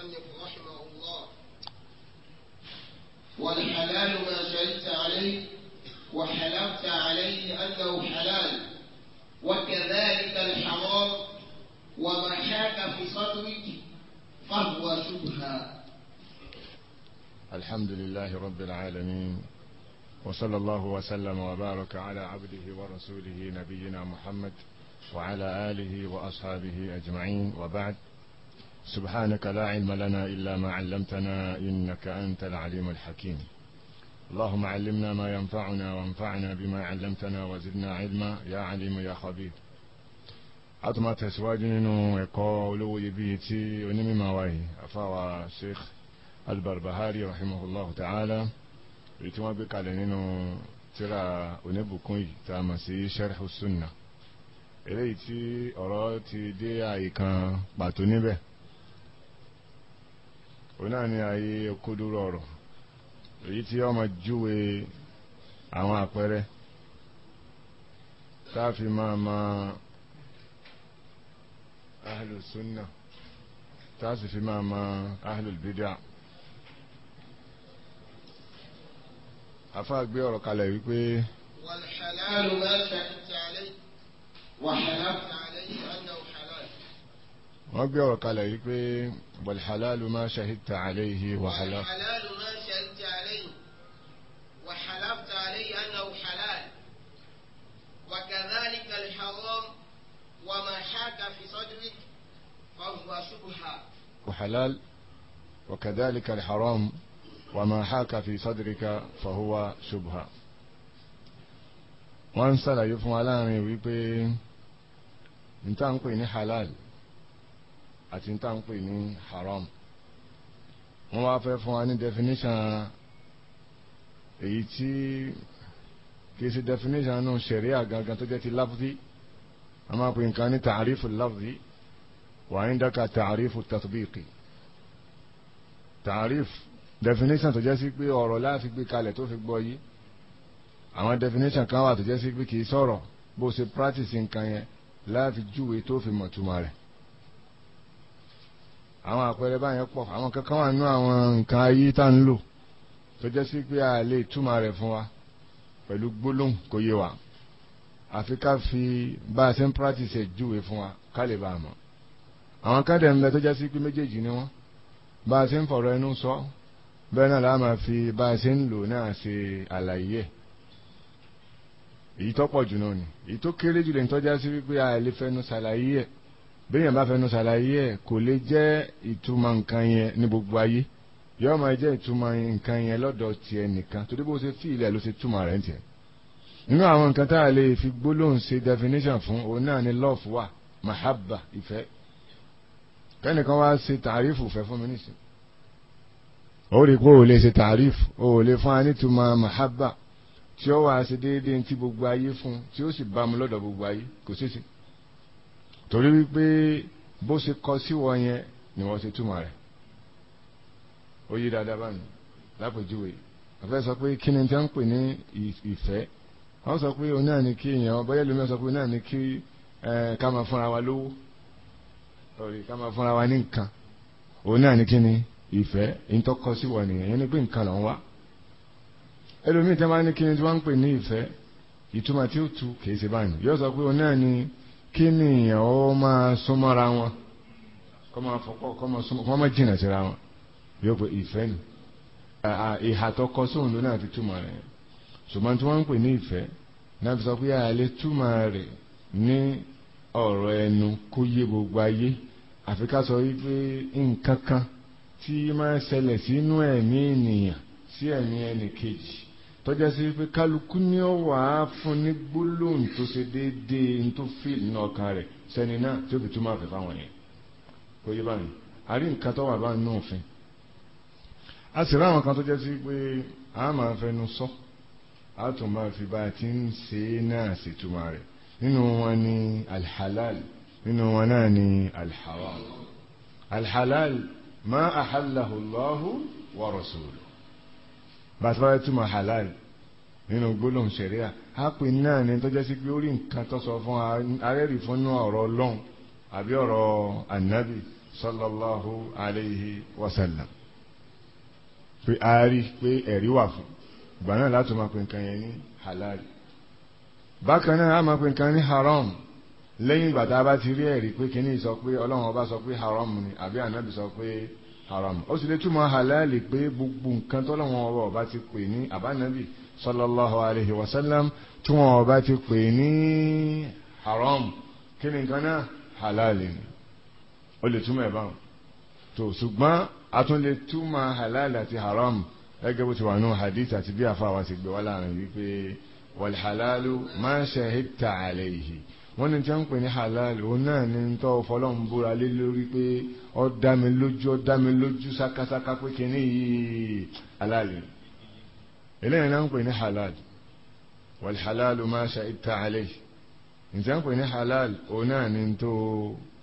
المصنف رحمه الله والحلال ما شهدت عليه وحلفت عليه أنه حلال وكذلك الحرام وما شاك في صدرك فهو شبهة الحمد لله رب العالمين وصلى الله وسلم وبارك على عبده ورسوله نبينا محمد وعلى آله وأصحابه أجمعين وبعد سبحانك لا علم لنا إلا ما علمتنا إنك أنت العليم الحكيم اللهم علمنا ما ينفعنا وانفعنا بما علمتنا وزدنا علما يا عليم يا خبير أتما تسواجنين ويقولوا يبيتي ونمي ما وي أفاوى شيخ البربهاري رحمه الله تعالى ويتما بك لنينو ترى ونبو كوي تامسي شرح السنة إليتي أراتي دي آيكا باتوني به òun náà ni ayé okòdúró ọ̀rọ̀ èyí tí ọmọ júwe àwọn àpẹẹrẹ tá a fi máa ma ahlu tá a fi máa ma ahlu bid'a gbé ọ̀rọ̀ kalẹ̀ wípé. wàhálà وبي وقال يبي والحلال ما شهدت عليه وحلف الحلال ما شهدت عليه وحلفت عليه انه حلال وكذلك الحرام وما حاك في صدرك فهو شبهه وحلال وكذلك الحرام وما حاك في صدرك فهو شبهه وانسى لا يفهم على ويبي انت انقي حلال àti níta ń pè ní haram wọ́n wá fẹ́ fún wa ní definition èyí tí kì í ṣe definition nù ṣẹ̀ríà gangan tó jẹ́ ti lafzi a máa pè nǹkan ní tààrífù lafzi wà ní dáka tààrífù tatbiqi tààrífù definition tó jẹ́ sí pé ọ̀rọ̀ láti gbé kalẹ̀ tó fi gbọ́ yìí àwọn definition kan wà tó jẹ́ sí pé kì sọ̀rọ̀ bó ṣe practice nǹkan yẹn láti júwe tó fi mọ̀túmọ̀ rẹ̀ àwọn àpẹẹrẹ báyẹn pọ̀ àwọn kankan wà nínú àwọn nǹkan ayé tá ń lò tó jẹ́ sí pé a lè túmọ̀ rẹ̀ fún wa pẹ̀lú gbólóhùn kò yé wa àfi ká fi bá a ṣe ń practice ẹ̀ júwe fún wa ká lè bá a mọ̀ àwọn kan dẹ̀ ń bẹ tó jẹ́ sí pé méjèèjì ni wọ́n bá a ṣe ń fọ̀rọ̀ ẹnu sọ bẹ́ẹ̀ náà la fi bá a ṣe ń lò náà ṣe àlàyé ẹ̀ èyí tó pọ̀ jù náà ni èyí tó kéré jù lè ń tọ́já sí wípé a lè fẹnu ṣàlàyé ẹ̀ bẹ́ẹ̀yàn bá fẹnu ṣàlàyé ẹ̀ kò lè jẹ́ ìtumọ̀ nǹkan yẹn ní gbogbo ayé yóò máa jẹ́ ìtumọ̀ nǹkan yẹn lọ́dọ̀ tiẹ̀ nìkan torí bó ṣe fi ilẹ̀ ló ṣe túmọ̀ rẹ̀ ń tiẹ̀ nínú àwọn nǹkan tá a lè fi gbólóhùn ṣe definition fún òun náà ni love wà mahabba ìfẹ́ kẹ́nìkan wá ṣe tàrífù fẹ́ fún mi nìsín ó rí i pé ò lè ṣe tàrífù ò lè fún wa nítumọ̀ mahabba tí ó wàá ṣe déédéé ti gbogbo ayé fún tí ó sì bá mu lọ́dọ̀ gbogbo ayé kò ṣeé ṣe torí wípé bó ṣe kọ sí wọ yẹn ni wọ́n ṣe túmọ̀ rẹ̀ ó yí dáadáa báyìí lápèjúwe àfẹ́ sọ pé kí ni tí wọ́n ń pè ní ìfẹ́ wọ́n sọ pé òun náà ni kí èèyàn bọ́yá lómi sọ pé òun náà ni kí ká máa fúnra wa lówó lórí ká máa fúnra wa ní nǹkan òun náà ni kí ni ìfẹ́ ìtọ́kọ sí wọ nìyẹn ní pé nǹkan lọ́n wá ẹlòmíì tí wọ́n ń pè ní ìfẹ́ ìtumọ̀ tí ó tu kì í ṣe báyìí yóò sọ pé òun náà ni. kini o ma sumara máa súnmọ́ra wọn kọ́ máa fọkọ́ kọ́ máa súnmọ́ kọ́ wọn yóò ni kọ sóhun fi túmọ̀ rẹ̀ tí wọ́n ń pè ní ìfẹ́ náà fi sọ pé àlẹ́ túmọ̀ rẹ̀ ní ọ̀rọ̀ ẹnu kó gbogbo ayé àfi ká sọ wípé nǹkan kan tí máa ń ṣẹlẹ̀ sínú ẹ̀mí ènìyàn sí ẹ̀mí ẹnì tọ́já sí pé kálukú ní ọ wà á fún ní gbólóhùn tó ṣe déédéé tó fíìlì ní ọkàn rẹ̀ sẹ́ni náà tí ó fi túmọ̀ àfẹ́ fáwọn yẹn kò yé báyìí a rí nǹkan tó wà bá nínú òfin a sì ráwọn kan tó jẹ́ sí pé a máa fẹnu sọ a tún máa fi bá a ti ń ṣe é náà ṣètúmọ̀ rẹ̀ nínú wọn ni alhalal nínú wọn náà ni alharam alhalal ma ahallahu Allahu wa rasuluhu bàtí wọ́n túmọ̀ halal nínú gbólóhùn sẹ̀ríà á pè náà ní tó jẹ́ sí pé ó rí nǹkan tó sọ fún arẹ́rì fúnnú ọ̀rọ̀ ọlọ́run àbí ọ̀rọ̀ ànábì sallallahu alayhi wa sallam pé a rí pé ẹ̀rí wà fún ìgbà náà láti máa pè nǹkan yẹn ní halal bákan náà a máa pè nǹkan ní haram lẹ́yìn ìgbà tá a bá ti rí ẹ̀rí pé kíní sọ pé ọlọ́run ọba sọ pé haram ni àbí ànábì sọ pé haram ó sì lè túmọ̀ halali pé gbogbo nǹkan tọ́lọ́wọ́n ọba ọba ti pè ní àbánábì sallallahu alayhi wa sallam tí wọn ọba ti pè ní haram kí ni nǹkan náà halali ni ó lè túmọ̀ ẹ̀ báwọn tó ṣùgbọ́n a tún lè túmọ̀ halali àti haram gẹ́gẹ́ bó ti wà nù hadith àti bí àfa wa ti gbé wá láàrin wípé wal halalu ma shahidta alayhi wọ́n ní tí wọ́n ń pè ní halal òun náà ní ń tọ́ fọlọ́run búra lé lórí pé ó dá mi lójú ó dá mi lójú sákásáká pé kínní yìí halal eléyìí náà ń pè ní halal wal halal ma shahidta alayhi ǹjẹ́ ń pè ní halal òun náà ní ń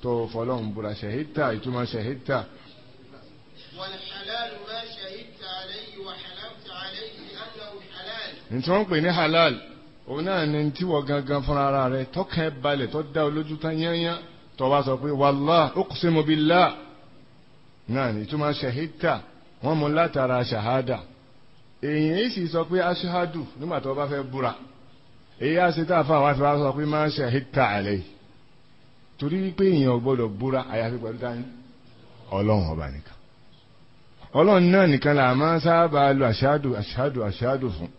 tọ́ fọlọ́run búra shahidta ìtumọ̀ shahidta. wal halal ma shahidta alayhi wa haramta alayhi annahu halal. ǹjẹ́ wọ́n ń pè ní halal òun náà ni tí wọ́n gangan fúnra ara rẹ̀ tọ́kàn ẹ balẹ̀ tọ́ da olójú tán yányá tó bá sọ pé wàláhì uqsimu billah náà ni ìtumọ̀ ṣahidta wọ́n mú látara ṣahada èyàn yìí sì sọ pé aṣáádù nígbà tó bá fẹ́ búra èyí á ṣe tá a fún àwọn afẹ́fẹ́ sọ pé máa ṣahidta alẹ́ torí wípé èyàn ò gbọ́dọ̀ búra àyàfi pẹ̀lú dání ọlọ́run ọba nìkan ọlọ́run náà nìkan là máa sábà lo aṣáádù aṣáádù aṣáádù fún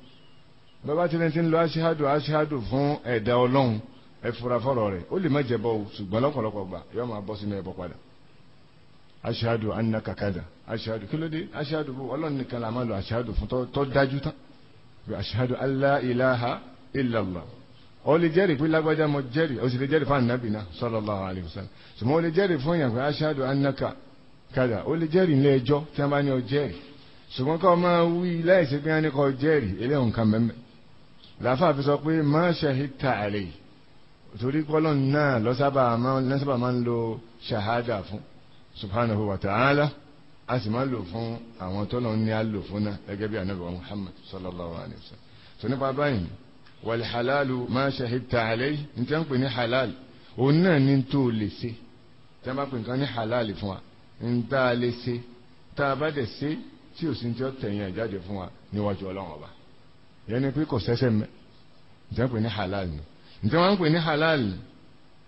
bàbá tilẹ̀ ti ń lo aṣíhádù aṣíhádù fún ẹ̀dá ọlọ́run ẹ fura fọ́rọ̀ ó lè má jẹbọ o ṣùgbọ́n lọ́pọ̀lọpọ̀ gbà yóò máa bọ́ sínú ẹbọ padà aṣíhádù annaka kada aṣíhádù kí ló dé aṣíhádù bó ọlọ́run nìkan la máa lo aṣíhádù fún tó dájú tán aṣíhádù alla ilaha illallah ó lè jẹ́rìí pé lágbájá mo jẹ́rìí ó sì lè jẹ́rìí fún ànábì náà sallallahu alaihi wasallam ṣùgbọ́n ó lè jẹ́rìí fún yàn pé aṣíhádù annaka kada ó lè jẹ́rìí ilé ẹjọ́ tí wọ́n bá ní ọ jẹ́rìí ṣùgbọ́n kọ́ máa wí láìsí pé wọ́n ní kọ́ jẹ́rìí eléyìí nǹkan mẹ́mẹ́ làáfàá fi sọ pé má ṣahidta alayhi torí kọ́lọ́n náà lọ́sábà máa ń lo ṣahada fún subhanahu wa ta'ala a sì máa ń lò fún àwọn tọ́lọ́ ní a lò fún náà gẹ́gẹ́ bí anabi wa muhammad sallallahu alayhi wa sallam so nípa báyìí wal halalu má ṣahidta alayhi ní tí wọ́n pè ní halal òun náà ní tó lè ṣe tí wọ́n bá pè nǹkan ní halal fún wa ń tá a lè ṣe tá a bá dẹ̀ ṣe tí ò sí ní tí ó tẹ̀yìn àjáde fún wa níwájú ọlọ́run ọba yẹn ni pé kò sẹ́sẹ̀ mẹ́ ǹjẹ́ ń pè ní halal ni ǹjẹ́ wọ́n ń pè ní halal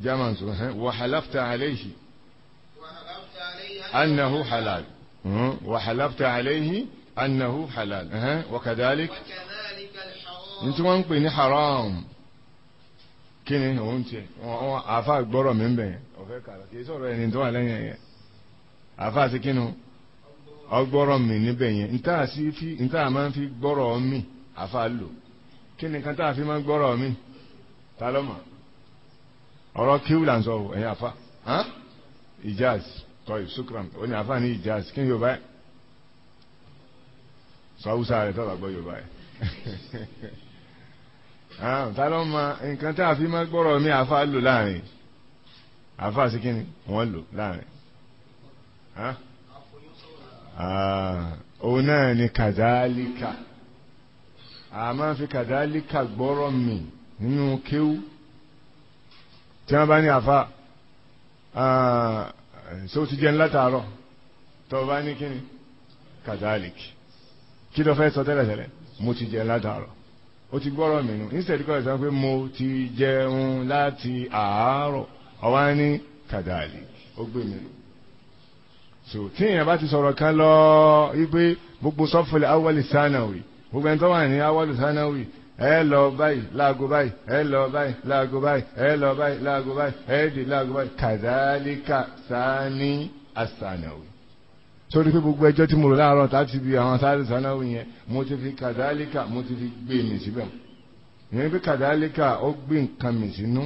german sọ hẹ́n wa halafta alayhi annahu halal hmm? wa halafta alayhi annahu halal wa kadhalik ǹjẹ́ wọ́n ń pè ní haram kí ni òun tiẹ̀ wọn àfa mi ń bẹ̀ yẹn ọ̀fẹ́ kàrà kì í sọ̀rọ̀ ẹni tó wà lẹ́yìn ẹ̀yẹ àfa ti kí ni ọgbọ́rọ̀ mi níbẹ̀ yẹn ntá máa ń fi gbọ́rọ̀ mi. Afa lò kí ni kan tá a fi máa gbọ́rọ̀ mi ta ló mọ̀ ọ̀rọ̀ kíw là ń sọ ẹ̀yin àfa ìjáàz tọ́yì sukram ó ni àfa ní ìjáàz kí ni yóò báyìí sọ haúsá rẹ tọ́ba gbọ́ yóò báyìí ta ló mọ̀ nǹkan tá a fi máa gbọ́rọ̀ mi àfa lò láàrin àfa sí kí ni wọ́n lò láàrin ah, òun náà ni kàdálíkà a máa fi kàdálíkà gbọ́rọ̀ mì nínú kéwú tí wọ́n bá ní àfa ṣé o ti jẹun látàárọ̀ tó o bá ní kíni kàdálíkì kí ló fẹ́ sọ tẹ́lẹ̀tẹ́lẹ̀ mo ti jẹun látàárọ̀ o ti gbọ́rọ̀ mì nù instead kọ́ ẹ̀ sọ pé mo ti jẹun láti àárọ̀ ọ̀wá ní kàdálíkì ó gbé mi nù tí èèyàn bá ti sọ̀rọ̀ kan lọ wípé gbogbo sọ́fúnlẹ̀ awọ́lẹ̀ sánà gbogbo ẹni tó wà ní awọ́lù sanáwì ẹ lọ báyìí láago báyìí ẹ lọ báyìí láago báyìí ẹ lọ báyìí láago báyìí ẹ dì láago báyìí kàdálíkà sani asanawi sórí pé gbogbo ẹjọ́ tí mo rò láàárọ̀ láti bi àwọn sáré sanáwì yẹn mo ti fi kàdálíkà mo ti fi gbé mi síbẹ̀ ìyẹn pé kàdálíkà ó gbé nǹkan mi sínú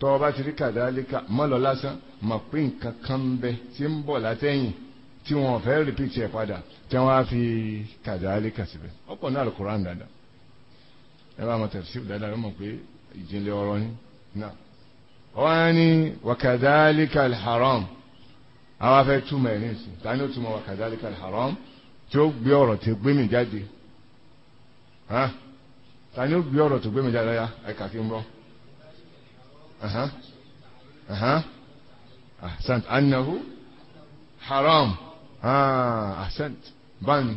tọ́ ọ bá ti rí kàdálíkà mọ́ lọ lásán mọ̀ pé nǹkan kan ń bẹ tí ń bọ̀ látẹ̀yìn tí wọ́n fẹ́ repeat ẹ̀ padà tí wọ́n á fi kàdáálíkà síbẹ̀ ọ̀pọ̀ náà alukoran dáadáa ẹ bá mọ tafsir dáadáa ló mọ̀ pé ìjìnlẹ̀ ọ̀rọ̀ ni náà wọ́n á ní wàkàdáálíkà haram àwọn afẹ́ túmọ̀ ẹ̀ ní ìsìn tani ó túmọ̀ wàkàdáálíkà haram tí ó gbé ọ̀rọ̀ tí ó gbé mi jáde tani ó gbé ọ̀rọ̀ tó gbé mi jáde ya ẹ̀ka kí n bọ́ ahsan annahu haram ahsant báyìí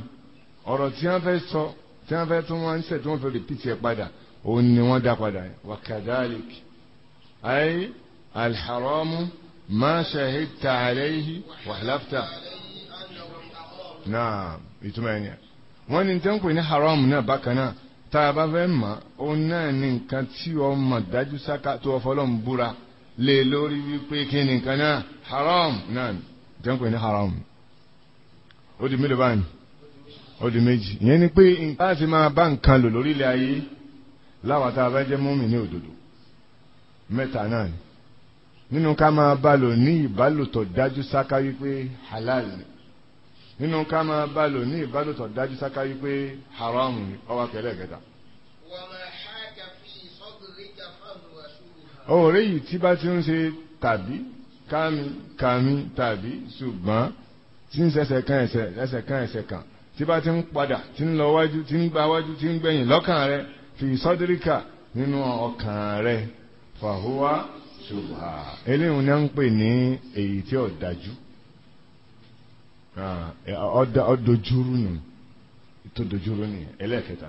ọ̀rọ̀ tí wọ́n fẹ́ sọ tí wọ́n fẹ́ tó wọ́n ń sẹ̀ tí wọ́n fẹ́ repeat ẹ̀ padà òun ni wọ́n dá padà wa kadhalik ay alḥaramu ma shahidta alayhi wa halafta náà ìtumọ̀ ẹ̀ ni wọ́n ní tẹ́ ń pè ní haram náà bákan náà tá a bá fẹ́ mọ̀ òun náà ní nǹkan tí o mọ̀ dájú sáká tó o fọlọ́ ń búra lé lórí wípé kí ni nǹkan náà haram náà tẹ́ ń pè ní haram ó di mélòó báyìí ó di méjì ìyẹn ni pé nǹkan àti máa bá nǹkan lò lórílẹ̀ ayé láwa tá a bá jẹ́ mọ́mì ní òdodo mẹ́ta náà ni nínú ká máa bá lò ní ìbálòtọ̀ dájú sáká wípé halal ni nínú ká máa bá lò ní ìbálòtọ̀ dájú sáká wípé haram ni ọwọ́ kẹlẹ́ kẹta. ọ̀rẹ́ yìí tí bá ti ń ṣe tàbí kàmí kàmí tàbí ṣùgbọ́n tí ń ṣẹ̀ṣẹ̀ kan ẹ̀ṣẹ̀ ẹ̀ṣẹ̀ kan ẹ̀ṣẹ̀ kan tí bá ti ń padà tí ń lọ wájú tí ń gba wájú tí ń gbẹ̀yìn lọ́kàn rẹ fi sọ́díríkà nínú ọkàn rẹ fàhùwà ṣùgbà eléyìí ni a ń pè ní èyí tí ò dájú ọdọjúrú ni tó dojúrú ni ẹlẹ́ẹ̀kẹta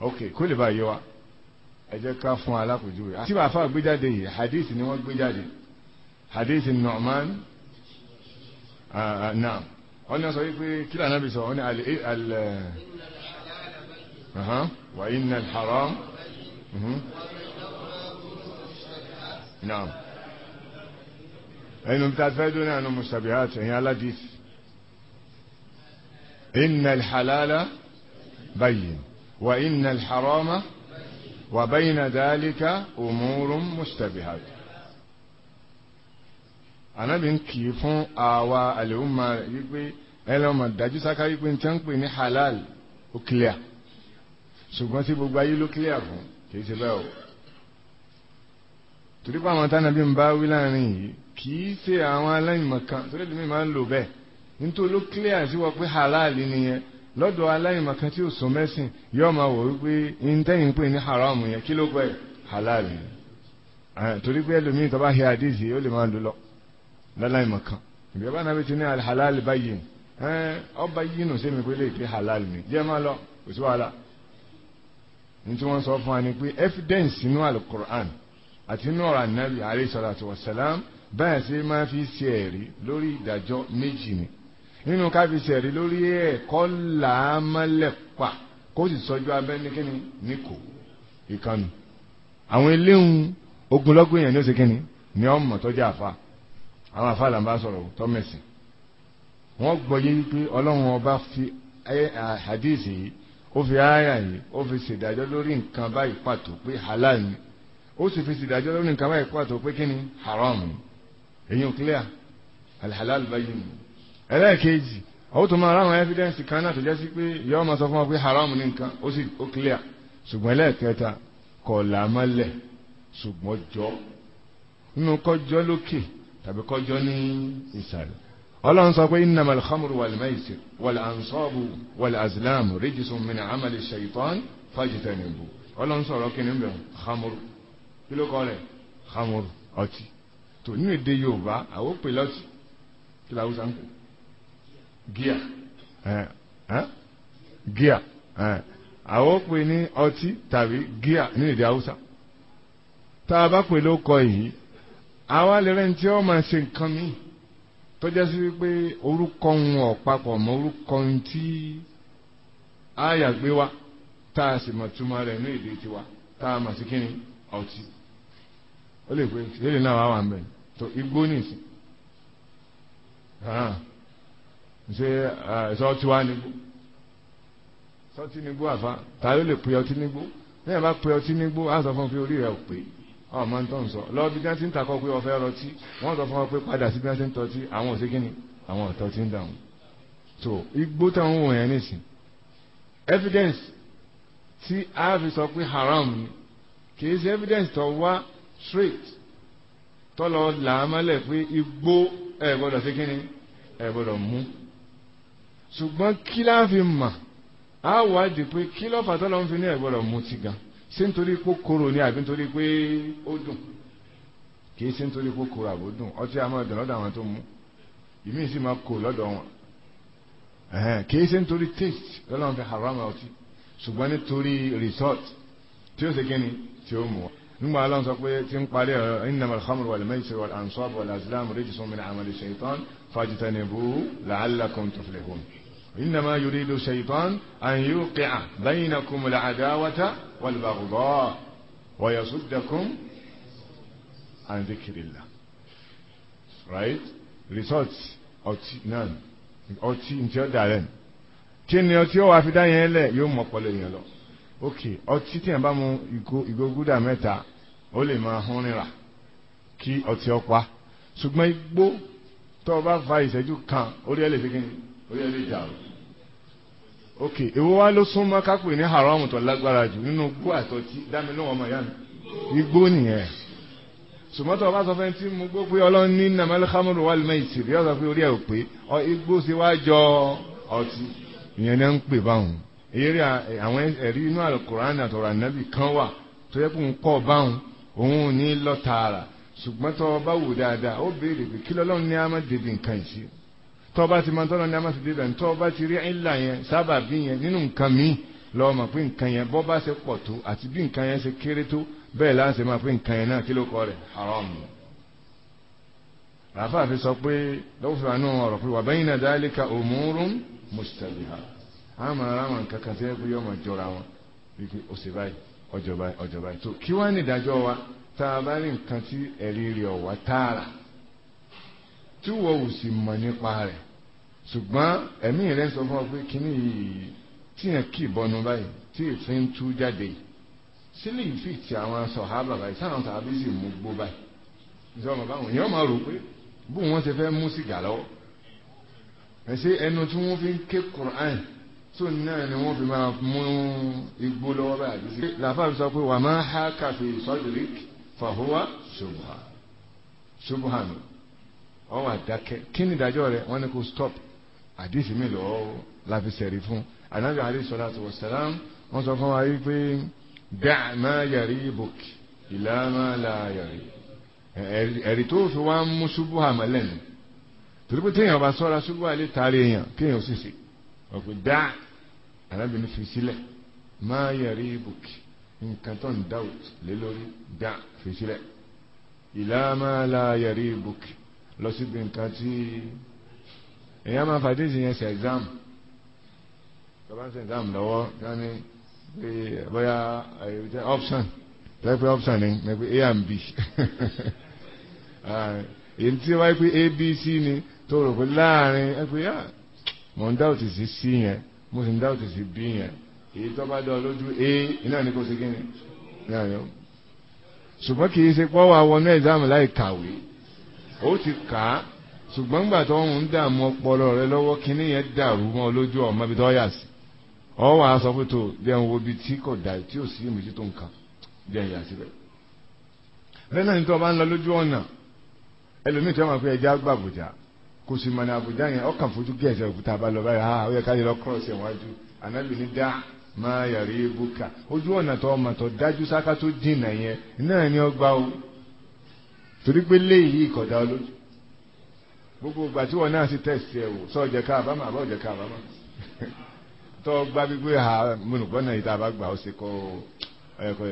ok kó lè bá yé wa ẹ jẹ́ ká fún alákòjúwe àti bàfà gbéjáde yìí hadith ni wọ́n gbéjáde hadith Nu'man. آه، آه، نعم قلنا صحيح في كلا نبي سواء هنا ال ال اها وان الحرام اها نعم اين بتعتقدون أنهم مشتبهات هي على ان الحلال بين وان الحرام وبين ذلك امور مشتبهات ànábì ń kì í fún àwa àlèhùnmá rẹ̀ wípé ẹlẹ́wọ̀n dájú sáká wípé ní tẹ́ ń pè ní halal ó clear ṣùgbọ́n tí gbogbo ayé ló clear fún kì í ṣe bẹ́ẹ̀ o torí pé àwọn tánàbí ń bá wí láàrin yìí kì í ṣe àwọn aláìmọ̀kan torí èdè mi máa ń lò bẹ́ẹ̀ nítorí ló clear sí wọn pé halal nìyẹn lọ́dọ̀ aláìmọ̀kan tí ò sọ mẹ́sìn yóò máa wò wípé intẹ́yìn pè ní haram yẹn kí ló pẹ́ halal ni torí pé ẹlòmíì tó bá he àdìsí ó lè máa lò lọ láláì mọ̀ kan ìjọba náà bí ti ní alhalal báyìí ọba yìí nù sẹ́mi pé léèké halal ni jẹ́ máa lọ kò sí wàhálà ní tí wọ́n sọ fún wa ni pé evidence inú alukur'an àti inú ọ̀rọ̀ anabi alayhi salatu wa salam báyà sí máa fi ṣe ẹ̀rí lórí ìdájọ́ méjì ni nínú ká fi ṣe ẹ̀rí lórí ẹ̀kọ́ làámọ́lẹ̀pà kó sì sọjú abẹ́ nìkíni ní kò ìkànnì àwọn eléhùn ogunlọ́gbọ̀n èèyàn ní ó ṣe kíni ni ọmọ tó jẹ́ àfa àwọn afáàlà ń bá sọ̀rọ̀ tọ́mẹ̀sì wọ́n gbọ́yé wípé ọlọ́run ọba fi àdíìsì yìí ó fi ááyà yìí ó fi ṣèdájọ́ lórí nǹkan báyìí pàtó pé halal ni ó sì fi ṣèdájọ́ lórí nǹkan báyìí pàtó pé kí ni haram ni èyí ò clear alhalal báyìí ni ẹlẹ́ẹ̀kejì ó tún máa ráwọn evidence kan náà tó jẹ́ sí pé yọ́ máa sọ fún wa pé haram ni nǹkan ó sì ó clear ṣùgbọ́n ẹlẹ́ẹ̀kẹta kọ̀ làmọ́lẹ̀ ṣùgbọ́n jọ́ nínú kọjọ́ lókè tàbí kọjọ́ ní ìsàlẹ̀ ọlọ́run sọ pé innamal khamru wal maisir wal ansabu wal azlam rijsun min amali shaitan fajtanibu ọlọ́run sọ̀rọ̀ kí ni bẹ̀rẹ̀ khamru kí ló kọ́ rẹ̀ khamru ọtí tò ní èdè yorùbá àwọn pè lọ́tí kí ló haúsá ń gíà gíà àwọn pè ní ọtí tàbí gíà ní èdè haúsá tá a bá pè ló yìí àwa lè rẹ́ni tí ó máa ṣe nǹkan mi tó jẹ́ sí wípé orúkọ ń ọ̀pápọ̀ mọ́ orúkọ ń tí àyà gbé wa tá a sì mọ̀ túmọ̀ rẹ̀ ní èdè tiwa tá a mọ̀ sí kí ni ọtí ó lè pé ìdílé náà wà wà ń bẹ̀ tó igbó nìsí ṣe ẹ̀sọ́ ọtí wa nígbó sọtí nígbó àfa tá a lè pè ọtí nígbó ní ẹ̀ bá pè ọtí nígbó á sọ fún un pé orí rẹ̀ ò pé ọmọ tó ń sọ lọ bí wọ́n ti ń takọ pé ọfẹ́ rọtí wọ́n sọ fún ọ pé padà sí bí wọ́n ti ń tọ́tí àwọn òsè kíni àwọn ọ̀tọ́ ti ń dàrún so igbó táwọn wò yẹn nìsín evidence tí a fi sọ pé haram ni kì ṣe evidence tó wá straight tó lọ là á mọ́lẹ̀ pé igbó ẹ̀ gbọ́dọ̀ sí kíni ẹ̀ gbọ́dọ̀ mú ṣùgbọ́n kí láà fi mà á wádìí pé kí lọ́fà tó lọ́ ń fi ní ẹ̀ gbọ́dọ̀ mú ti gan-an ṣé nítorí pé kóró ni àbí nítorí pé ó dùn kì í ṣe nítorí pé kóró àbó dùn ọtí a máa dùn lọ́dọ̀ àwọn tó mú ìmíì sì máa kó lọ́dọ̀ wọn kì í ṣe nítorí taste lọ́dọ̀ fi haram ọtí ṣùgbọ́n nítorí resort tí ó ṣe kí ni tí ó mú nígbà aláwọ̀ sọ pé tí ń parí ọ̀rọ̀ innama al-khamru wal-maisiru wal-ansab wal-azlamu rijsun min amali shaytan fajtanibuhu la'allakum tuflihun. innama yuridu shaytan an yuqi'a baynakum al-adawata والبغضاء ويصدكم عن ذكر الله right results ọtí náà ọtí ntí ó dà rẹ̀ kí ni ọtí ó wà fi dá yẹn lẹ̀ yóò mọ̀ pọ̀lọ̀ yẹn lọ ok ọtí tí yẹn bá mu ìgò gúdà mẹ́ta ó lè máa hún rírà kí ọtí ó pa ṣùgbọ́n igbó tó o bá fa ìṣẹ́jú kan orí ẹ̀ lè fi kí ni orí ẹ̀ lè dà o ok èwo wá ló súnmọ́ kápẹ́ ní haram tó lágbára jù nínú gbó àtọ́tí dámi lóhùn ọmọ ìyá mi igbó nìyẹn sùmọ́tò ọba sọ fẹ́ntì mú gbó pé ọlọ́run ní nàmẹ́lẹ́ kámúrò wà lẹ́yìn ìsìrí ọ̀sán pé orí ẹ̀ ò pé ọ igbó ṣe wá jọ ọtí ìyẹn náà ń pè báwọn eré àwọn ẹ̀rí inú alukoran àtọ̀rọ̀ ànábì kan wà tó yẹ kó ń kọ́ báwọn òun ní lọ tààrà ọba wò dáadáa ó béèrè pé kí lọ́lọ́run ní á nǹkan ìṣe tọ́ba ti máa tọ́lọ́ ní amásí dé dání tọ́ba ti rí ìlà yẹn sábà bí yẹn nínú nǹkan míì lọ́wọ́ mọ̀ pé nǹkan yẹn bọ́ bá ṣe pọ̀ tó àti bí nǹkan yẹn ṣe kéré tó bẹ́ẹ̀ láǹṣe máa pé nǹkan yẹn náà kí ló kọ́ rẹ̀ haram. ràfà fi sọ pé lọ́wọ́fẹ́ àánú ọ̀rọ̀ pé wa bayna dhalika umurun mushtabihat àmọ́ ara wọn kankan tí wọ́n yọ ọmọ jọra wọn wípé ó báyìí ọjọ́ báyìí ọjọ́ báyìí tí wọ́n ò sì mọ̀ nípa rẹ̀ ṣùgbọ́n ẹ̀mí rẹ̀ sọ fún ọ pé kíní yìí tí yẹn kì í bọnu báyìí tí èsì ń tú jáde sílẹ̀ ìfì tí àwọn sọ̀hábà báyìí táwọn sàbí sì mú gbó báyìí ìjọba báwọn èèyàn máa rò pé bó wọn ṣe fẹ́ mú sìgá lọ́wọ́ ẹ̀sẹ̀ ẹnu tí wọ́n fi ń ké Qur'an tó náà ni wọ́n fi máa mú igbó lọ́wọ́ báyìí àti sí. sọ pé wàá máa há kàfé sọ́dúnrún fàhùwà ṣubhàn ṣubhàn nù wọ́n wà dákẹ́ kí ni ìdájọ́ rẹ̀ wọ́n ní kó stop àdìsí mi lọ́ọ́ la fi sẹ̀rí fún anábì alẹ́ sọ́lá tó wọ sàlám wọ́n sọ fún wa yìí pé dá má yàrí ibòkì ìlà má la yàrí ẹ̀rí tó fi wá ń mú ṣubú àmọ́lẹ̀ nù torí pé téèyàn bá sọ́ra ṣubú àlẹ́ tààrí èèyàn kéèyàn ó sì sè ọ̀pẹ̀ dá anábì ní fi sílẹ̀ má yàrí ibòkì nǹkan tó ń dáwọ̀ lé lórí dá fi sílẹ̀ ìlà má la yàrí ibòkì lọ síbi nǹkan tí èèyàn máa fàdí ìsìnyẹn ṣe exam bàbá ń ṣe exam lọ́wọ́ yáni pé bóyá ẹ̀ eh, option lẹ́pẹ́ option ni lẹ́pẹ́ a and b eh, èyí tí wáyé pé a b c ni tó rò pé láàrin ẹ pé yá mo ń dáwọ̀tì sí c yẹn mo sì ń dáwọ̀tì sí b yẹn èyí tó bá dọ̀ lójú a iná ni kò sí kí ni ṣùgbọ́n kì í ṣe pọ́wọ́ àwọn ọ̀nà exam láì kàwé. ó ti kà á ṣùgbọ́n gbà tó ń dààmú ọpọlọ rẹ lọ́wọ́ kínní yẹn dàrú mọ́ lójú ọmọ ibi tó yà sí ọ wà á sọ pé tó jẹun wo ibi tí kò dà tí ò sí ìmìtí tó nǹkan jẹun yà síbẹ̀ bẹ́ẹ̀ náà ní tó o bá ń lọ lójú ọ̀nà ẹlòmíì tó máa fi ẹja gbà àbújá kò sì mọ̀ ní àbújá yẹn ọkàn fojú gẹ̀ẹ́sẹ̀ òkúta bá lọ báyìí ó yẹ ká lè lọ torí pé léyìí ìkọ̀dá olójú gbogbo ìgbà tí wọn náà sì tẹ̀sí ẹ̀ wò sọ jẹ́ ká àbámọ̀ àbá òjẹ́ ká àbámọ̀ tó gba gbígbé ha múnùgbọ́nà yìí tá a bá gbà ó sì kọ́ ẹ̀kọ́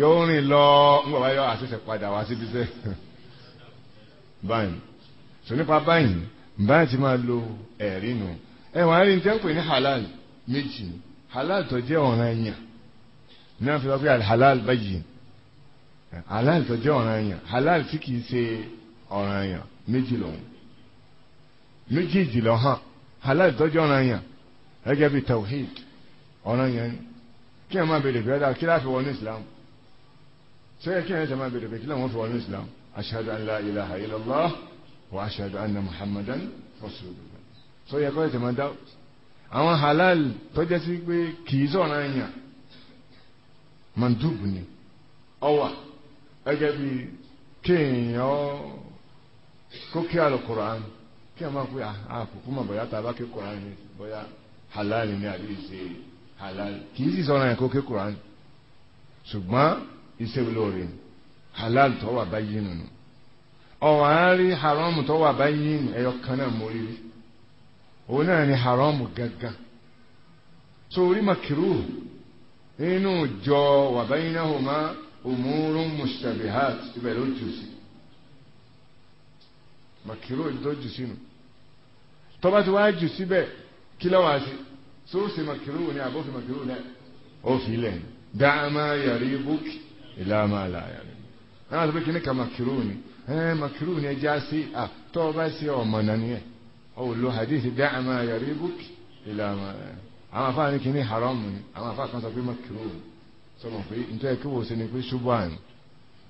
yóò rìn lọ ńgbà wá yọ àṣẹṣẹ padà wá síbi sẹ́ báyìí sọ nípa báyìí báyìí ti máa lo ẹ̀rí nu ẹ̀wọ̀n ẹ̀rí ní tẹ́ǹpẹ̀ ní halal méjì halal tó jẹ́ ọ̀ràn ẹ̀yàn náà fi wá pé halal báyìí halal tó jẹ́ ọ̀ràn èèyàn halal tí kìí ṣe ọ̀ràn èèyàn méjì lòun méjèèjì lọ hàn halal tó jẹ́ ọ̀ràn èèyàn gẹ́gẹ́ bíi tawhid ọ̀ràn èèyàn kí ẹ máa béèrè bẹ́ẹ̀ dáa kí láti wọnú islam sẹ́yìn kí ẹ ṣe máa béèrè bẹ́ẹ̀ kí láwọn fi wọnú islam ashhadu an la ilaha illallah wa ashhadu anna muhammadan rasulullah sọ́yìn kọ́ ẹ̀ ṣe máa dá àwọn halal tó jẹ́ sí pé kìí sọ̀ràn èèyàn mandub ni ọwà ẹgẹ́ bí kéèyàn kókè àlùkùránì kí ah, a máa pè àkùkù mà bóyá tàbá ké kùránì bóyá halal ni àbí ìṣe halal kì í sì sọ̀rọ̀ yẹn kókè kùránì ṣùgbọ́n iṣẹ́ olóore halal tó wà báyìí nù ọ̀wọ́n á rí haram tó wà báyìí nù ẹyọ kan náà mo rí òun náà ni haram gangan so orí makiru nínú ìjọ wàbáyìí náà hùwà umurun mustabihat ibẹ̀ ló jù sí makiro tó jù sínú tọ́ba tí wàá jù síbẹ̀ kí lọ́wọ́ àti sóòsì makiro ní àbófin makiro lẹ́ òfin lẹ́ dáàmà yàrá ibùk ìlàmà làyàrá náà sọ pé kí ni ka makiro ni ẹ makiro ni ẹja sí à tọ́ba sí ọmọ nani ẹ ọ lo hadith dáàmà yàrá ibùk ìlàmà làyàrá àwọn afáàní kì ní haram ni àwọn afáà kan sọ pé makiro ni sọmọ pé nítorí kí wò sí ni pé ṣùgbọ́n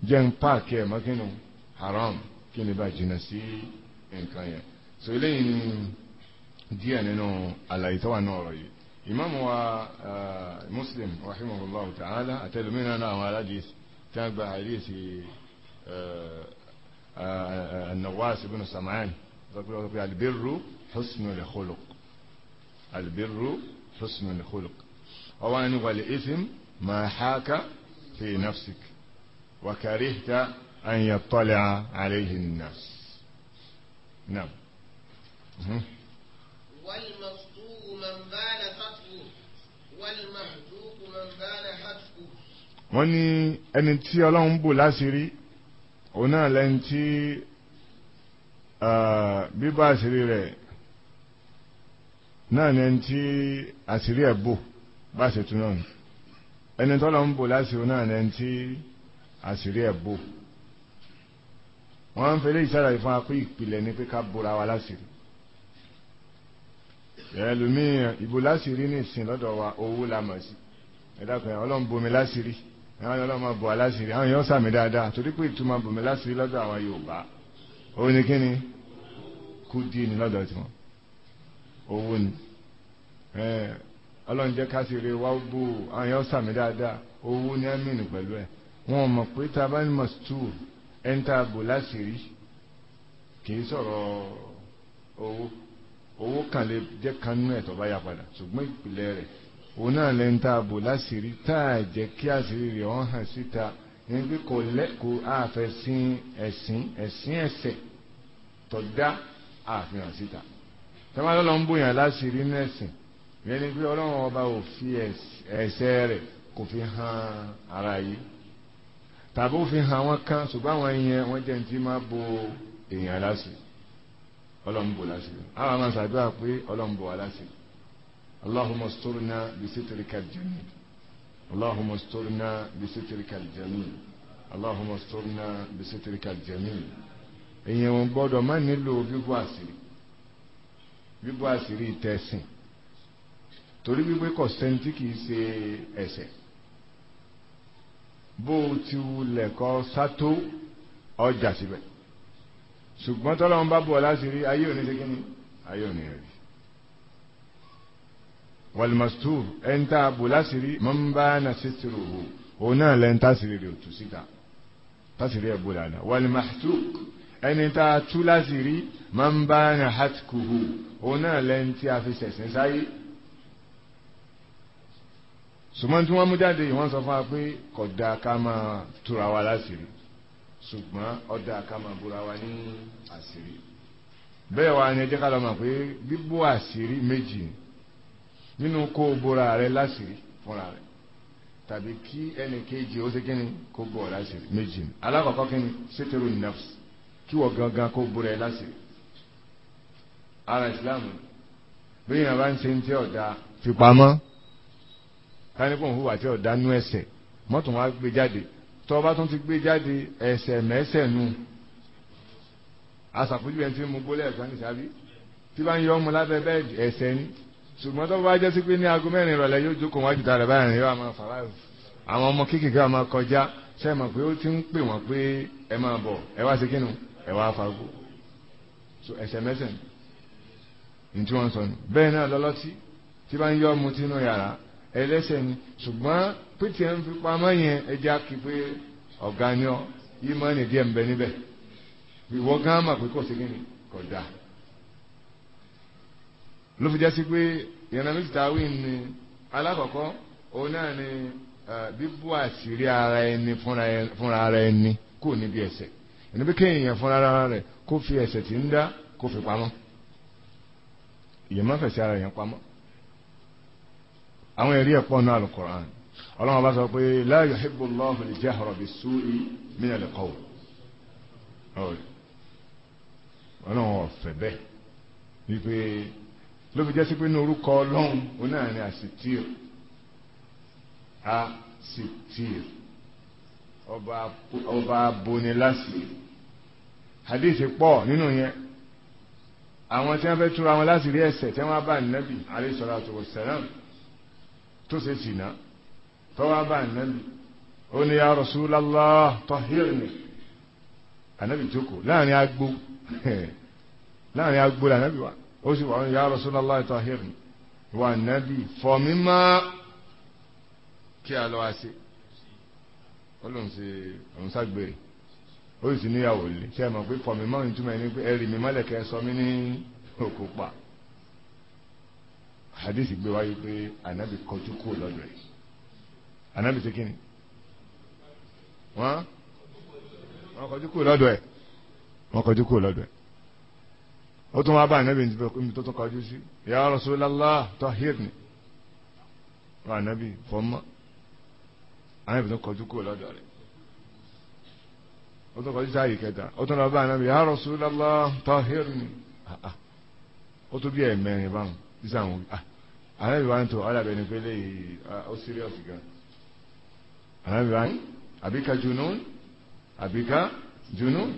jẹ́ ń páàkì ẹ̀ mọ́kínú haram kí ni bá jìnnà sí nǹkan yẹn so eléyìí ni díẹ̀ nínú àlàyé tó wà náà ọ̀rọ̀ yìí imam wa muslim rahimahullah ta'ala àtẹlùmínà náà àwọn aládìs tí wọ́n gba àdìsí النواس بن سمعان البر حسن الخلق البر حسن الخلق هو أن والإثم ما حاك في نفسك وكرهت أن يطلع عليه الناس نعم والمصدوق من بان فتحه والمحذوق من بان حتفه wọ́n ní ẹni tí ọlọ́run bò láṣìírí òun náà lẹ́ni tí bíbá àṣírí rẹ̀ náà lẹ́ni tí àṣírí ẹ̀ bò bá ṣe tún náà nù ẹni tọ́lọ̀ ń bò lásìrò náà ní ẹni tí àṣírí ẹ̀ bò wọ́n ń fẹ́lẹ́ ìṣàlàyé fún apé ìpìlẹ̀ ní pé ká bora wa lásìrò ẹlòmíràn ìbò lásìrí ní ìsìn lọ́dọ̀ wa owó la mọ̀ sí ẹ̀dàkùn ọlọ́run bomi lásìrí àwọn ọlọ́run máa bò wá lásìrí àwọn èèyàn sàmì dáadáa torí pé ìtumọ̀ bomi lásìrí lọ́dọ̀ àwọn Yorùbá òun ni kíni kú dí ni lọ́dọ̀ tiwọn owó ni ọlọ́run jẹ́ ká sì rí wá bò àwọn yẹn sàmì dáadáa owó ní amínú pẹ̀lú ẹ̀ wọn mọ̀ pé tá a bá ní mọ̀sítúù ẹ̀ńtà bò láti rí kìí sọ̀rọ̀ owó owó kan lè jẹ́ kan nú ẹ̀ tó bá yá padà ṣùgbọ́n ìpìlẹ̀ rẹ̀ òun náà lẹ́ń tá a bò láti rí tá a jẹ́ kí àṣírí rẹ̀ wọ́n hàn síta ní pé kò lẹ́kọ̀ọ́ àfẹ́sìn ẹ̀sìn ẹ̀sìn ẹ̀sẹ̀ tó dá àfihàn síta tẹ́wọ́n lọ́lọ́ ń bòyàn láṣìírí ní ẹ̀sìn yẹn ni pé ọlọ́run ọba ò fi ẹ̀ṣẹ̀ rẹ̀ kò fi hàn ara yìí tàbí ó fi hàn wọn kan ṣùgbọ́n àwọn yẹn wọ́n jẹ́ ní ti máa bo èèyàn láṣì ọlọ́run bò láṣì àwọn máa ṣàdúrà pé ọlọ́run bò wá láṣì allahumma asturna bisitrika aljamil allahumma asturna bisitrika aljamil allahumma asturna bisitrika aljamil èèyàn wọn gbọ́dọ̀ má nílò bíbú àṣírí bíbú àṣírí tẹ̀sìn torí wípé kọ̀sẹ́ni tí kìí ṣe ẹ̀ṣẹ̀ bó ti wulẹ̀ kọ́ sátó ọjà síbẹ̀ ṣùgbọ́n tọ́lọ́run bá bọ̀ láti rí ayé òní ṣe kíni ayé òní rẹ̀ rí wàlmàstúr ẹni tá a bò láti rí mọ́nbá náà sí tìrò hù òun náà lẹ́ni tá sì rí òtún síta tá rí ẹ̀ bò dáadáa ẹni tá a tú láti rí mọ́nbá náà hàtìkù hù òun náà lẹ́ni tí a fi ṣẹ̀sìn sáyé ṣùgbọ́n tí wọ́n mú jáde yìí wọ́n sọ fún wa pé kódà ká máa túra wa láṣìírí ṣùgbọ́n ọ̀dà ká máa búra wa ní àṣírí bẹ́ẹ̀ wá ni ẹ jẹ́ ká lọ mọ̀ pé bíbú àṣírí méjì nínú kó o bóra rẹ láṣìírí fúnra rẹ tàbí kí ẹnì kejì ó ṣe kíni kó bọ̀ láṣìírí méjì alákọ̀ọ́kọ́ kíni sétérò nafs kí wọ́n gangan kó bóra ẹ láṣìírí ara ìsìláàmù bí yìnyín bá ń ṣe ń tẹ́ ọ̀dà fipamọ́ táyé pọ̀ ń hùwà tí ọ̀dá nú ẹ̀ṣẹ̀ mọ́tò wá gbé jáde tó bá tún ti gbé jáde ẹ̀ṣẹ̀ mẹ́ṣẹ̀ nu asàpèjúwe ẹni tí mo gbólẹ̀ ẹ̀ka ní sábí tí bá ń yọ ọmọ lábẹ́ bẹ́ẹ̀dì ẹ̀ṣẹ̀ ni ṣùgbọ́n tó bá jẹ́ sí pé ní aago mẹ́rin ìrọ̀lẹ́ yóò jókòó wájú tààrà báyìí yóò máa fà báyìí àwọn ọmọ kéékèèké wa máa kọjá ṣe mọ̀ pé ó ti ń pè wọ́n pé ẹ máa bọ̀ ẹ wá sí kínú ẹ wá fagbó so ẹ̀ṣẹ̀ mẹ́ṣẹ̀ ni tí wọ́n sọ nù bẹ́ẹ̀ náà lọ́lọ́tí tí bá ń yọ ọmọ tínú yàrá ẹlẹ́sẹ̀ ni ṣùgbọ́n pété ń fi pamọ́ yẹn ẹja kí pé ọ̀gá ni ọ yìí máa nìdí ẹ̀ ń bẹ níbẹ̀ ìwọ gán mà pé kò sí kí ni kò dáa ló fi jásí pé ìrìnà méjì tá a wí ni alákọ̀ọ́kọ́ òun náà ni bíbú àṣírí ara ẹni fúnra ara ẹni kò níbi ẹ̀ṣẹ̀ ẹni bí kéèyàn fúnra ara rẹ̀ kó fi ẹ̀ṣẹ̀ tí ń dá kó fi pamọ́ ìyẹn má fẹsẹ̀ ara yẹn pamọ́ àwọn ẹ̀rí ẹ̀pọ̀ náà alukoran ọlọ́run bá sọ pé la yuhibbu Allahu al-jahra bis-su'i min al-qawl ọlọ́run ọ̀fẹ́ bẹ́ẹ̀ wípé ló fi jẹ́ sí pé ní orúkọ ọlọ́run oní àárín àsìtìr àsìtìr ọba abonilásì hadith pọ̀ nínú yẹn àwọn tí wọ́n fẹ́ túra wọn láti rí ẹsẹ̀ tí wọ́n bá nẹ́bì alayhi salatu wassalam tó ṣe sìnà tọ́wọ́ bá ànábì ó ní ya Rasulullah tahhirni ànábì jókòó láàrin agbó láàrin agbó lànábì wa ó sì wà ó ní ya Rasulullah tahhirni wà ànábì fọ̀ mí mọ́ kí a lọ wá sí ó lóun ṣe òun ságbére ó sì níyàwó lé ṣe é mọ̀ pé fọ̀ mí mọ́ ìtumọ̀ ẹni pé ẹ̀rì mi mọ́lẹ̀ kẹ́ sọ mí ní òkú pa hadith gbé wáyé pé anabi kọjú kúrò lọ́dọ̀ ẹ̀ anabi ṣe kíni wọ́n wọ́n kọjú kúrò lọ́dọ̀ ẹ̀ wọ́n kọjú kúrò lọ́dọ̀ ẹ̀ ó tún wá bá anabi níbi tó tún kọjú sí ya Rasulullah tahhirni wọ́n anabi fọ́mọ́ anabi tó kọjú kúrò lọ́dọ̀ rẹ̀ ó tún kọjú sáàyè kẹta ó tún lọ bá anabi ya Rasulullah tahhirni ah, ah. ó tún bí ẹ̀mẹ́rin báwọn sísè àwọn ah alábi wa ń tọ alábi ẹni pé léyìí ó serious gan alábi wa ń àbíká junun àbíká junun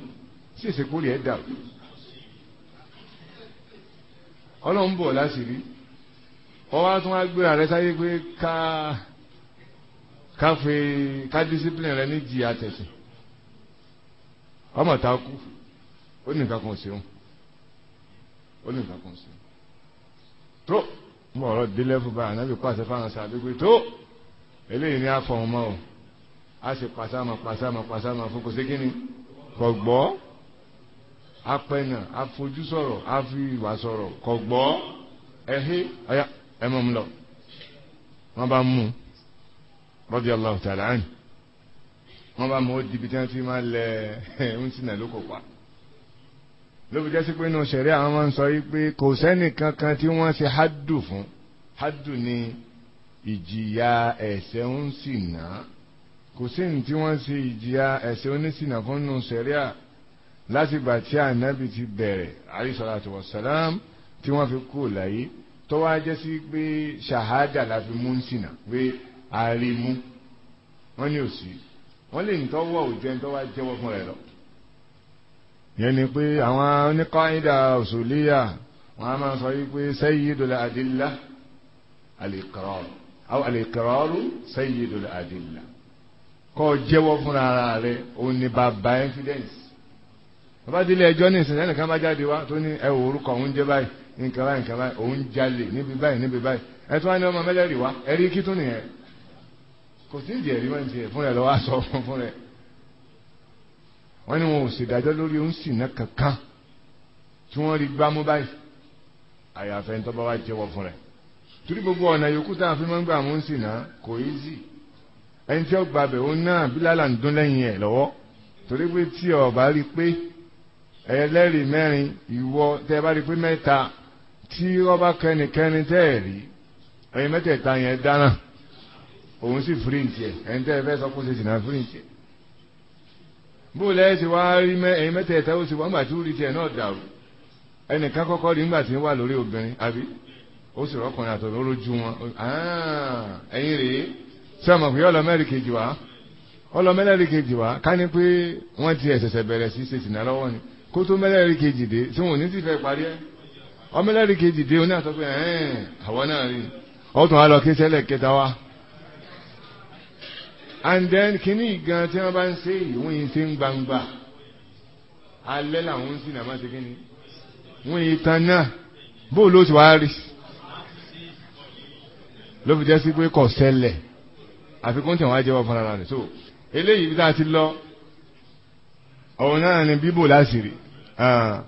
sí ìsìnkú rí ẹ dà ọlọ́run bọ̀ láṣìírí wọ́n wá tún wá gbéra rẹ sáyé pé ká ká fi ká discipline rẹ ní jìyà tẹ̀sìn ọmọ ta kú ó ní nǹkan kan ṣeun ó ní nǹkan kan ṣeun tó nígbà ọ̀rọ̀ délẹ̀ fún báyìí ànábì pàṣẹ fáwọn sàdúgbò tó eléyìí ni a fọ̀ wọn mọ́ o a sì pàṣàmọ̀ pàṣàmọ̀ pàṣàmọ̀ fún kò sí kí ni kò gbọ́ apẹ̀nà afojú sọ̀rọ̀ afi ìwà sọ̀rọ̀ kò gbọ́ ẹ̀hí ọ̀yà ẹ̀ mọ̀ mú lọ wọ́n bá mú radiyallahu ta'ala anhu wọ́n bá mú ó dìbìtì àti máa lẹ̀ ẹ̀ ń sinà lóko pa ló fi jẹ́ sí pé inú ṣẹ̀rí àwọn máa ń sọ yìí pé kò sẹ́nì kankan tí wọ́n ṣe hádù fún hádù ni ìjìyà ẹ̀ṣẹ̀ ń sì ná kò sí ní tí wọ́n ṣe ìjìyà ẹ̀ṣẹ̀ oníṣìnà fún inú ṣẹ̀rí à látìgbà tí ànábì ti bẹ̀rẹ̀ àríṣàlátù wàsálàm tí wọ́n fi kú láyé tó wá jẹ́ pé ṣàhádà la fi mú ń ṣìnà pé àárí mú wọ́n ní òsì wọ́n lè ń tọ́wọ́ òjò ẹni tó jẹ́wọ́ fún rẹ̀ lọ yẹn ni pé àwọn oníkọ́ìdà òṣòlíyà wọn a máa sọ yìí pé sayyidul adilla al-iqrar aw al-iqraru sayyidul adilla kọ́ jẹ́wọ́ fúnra ara rẹ̀ òun ni bàbá evidence bàbá délé ẹjọ́ ní ìsìn ẹnìkan bá jáde wá tó ní ẹ wò orúkọ òun jẹ́ báyìí nǹkan báyìí nǹkan báyìí òun jalè níbi báyìí níbi báyìí ẹ wá ní ọmọ mẹ́lẹ́rìí wá ẹ kí tún nìyẹn kò sí ìdí ẹ̀rí wọn ti ẹ̀ fúnra ẹ̀ lọ́wọ́ aṣọ fún fúnra ẹ̀ wọ́n ní wọn ò ṣèdájọ́ lórí oúnṣìnà kankan tí wọ́n rí gbámú báyìí àyàfẹ́ ń tọ́ba wá jẹ́wọ́ fún rẹ̀ torí gbogbo ọ̀nà yòókù tá a fi máa ń gbà mú ṣìnà kò í zì ẹni tí ó gba bẹ̀ òun náà bílálà ń dún lẹ́yìn ẹ̀ lọ́wọ́ torí pé tí o bá rí pé ẹlẹ́rìí mẹ́rin ìwọ tẹ́ bá rí pé mẹ́ta tí ọba kẹnikẹ́ni tẹ́ ẹ̀ rí ẹ̀yin mẹ́tẹ̀ẹ̀ta yẹn dáná òun sì fírìntì ẹ̀ ẹni tẹ́ ẹ fẹ́ sọ pé ó ṣe ṣìnà fírìntì ẹ̀ bó lẹ́sẹ̀ wá rí ẹ̀yin mẹ́tẹ̀ẹ̀ta ó sì wọ́n gbà tí ó rí tiẹ̀ náà dàrú ẹnìkan kọ́kọ́ rí ńgbà tí ń wà lórí obìnrin àbí ó sì rọ́kùnrin àtọ̀rọ̀ ó lójú wọn ah, ẹ̀yin rèé sọ́mọ̀ pé ọlọ́mẹ́rì kejì wá ọlọ́mẹ́rì kejì wá ká ní pé wọ́n ti ẹ̀sẹ̀sẹ̀ bẹ̀rẹ̀ sí ṣe sìnà lọ́wọ́ ni kó tó mẹ́rẹ̀ẹ́rì kejì dé tí wọn ò ní sì fẹ́ parí ẹ̀ ọmọlẹ́rì kejì dé oní àtọ́pẹ́ ẹ̀ẹ́n àwọn náà rí ọ̀tún and then kínní gan tí wọ́n bá ń ṣe yìí wọ́n yìí ṣe ń gbangba alẹ́ làwọn ń sìn àmọ́ ṣe kínní wọ́n yìí tan náà bó ló ti wá rí ló fi jẹ́ sí pé kò ṣẹlẹ̀ àfikún tí wọ́n á jẹ́wọ́ fúnra rẹ̀ so eléyìí bí tá a ti lọ ọ̀hún náà ni bíbò láṣìírí ah,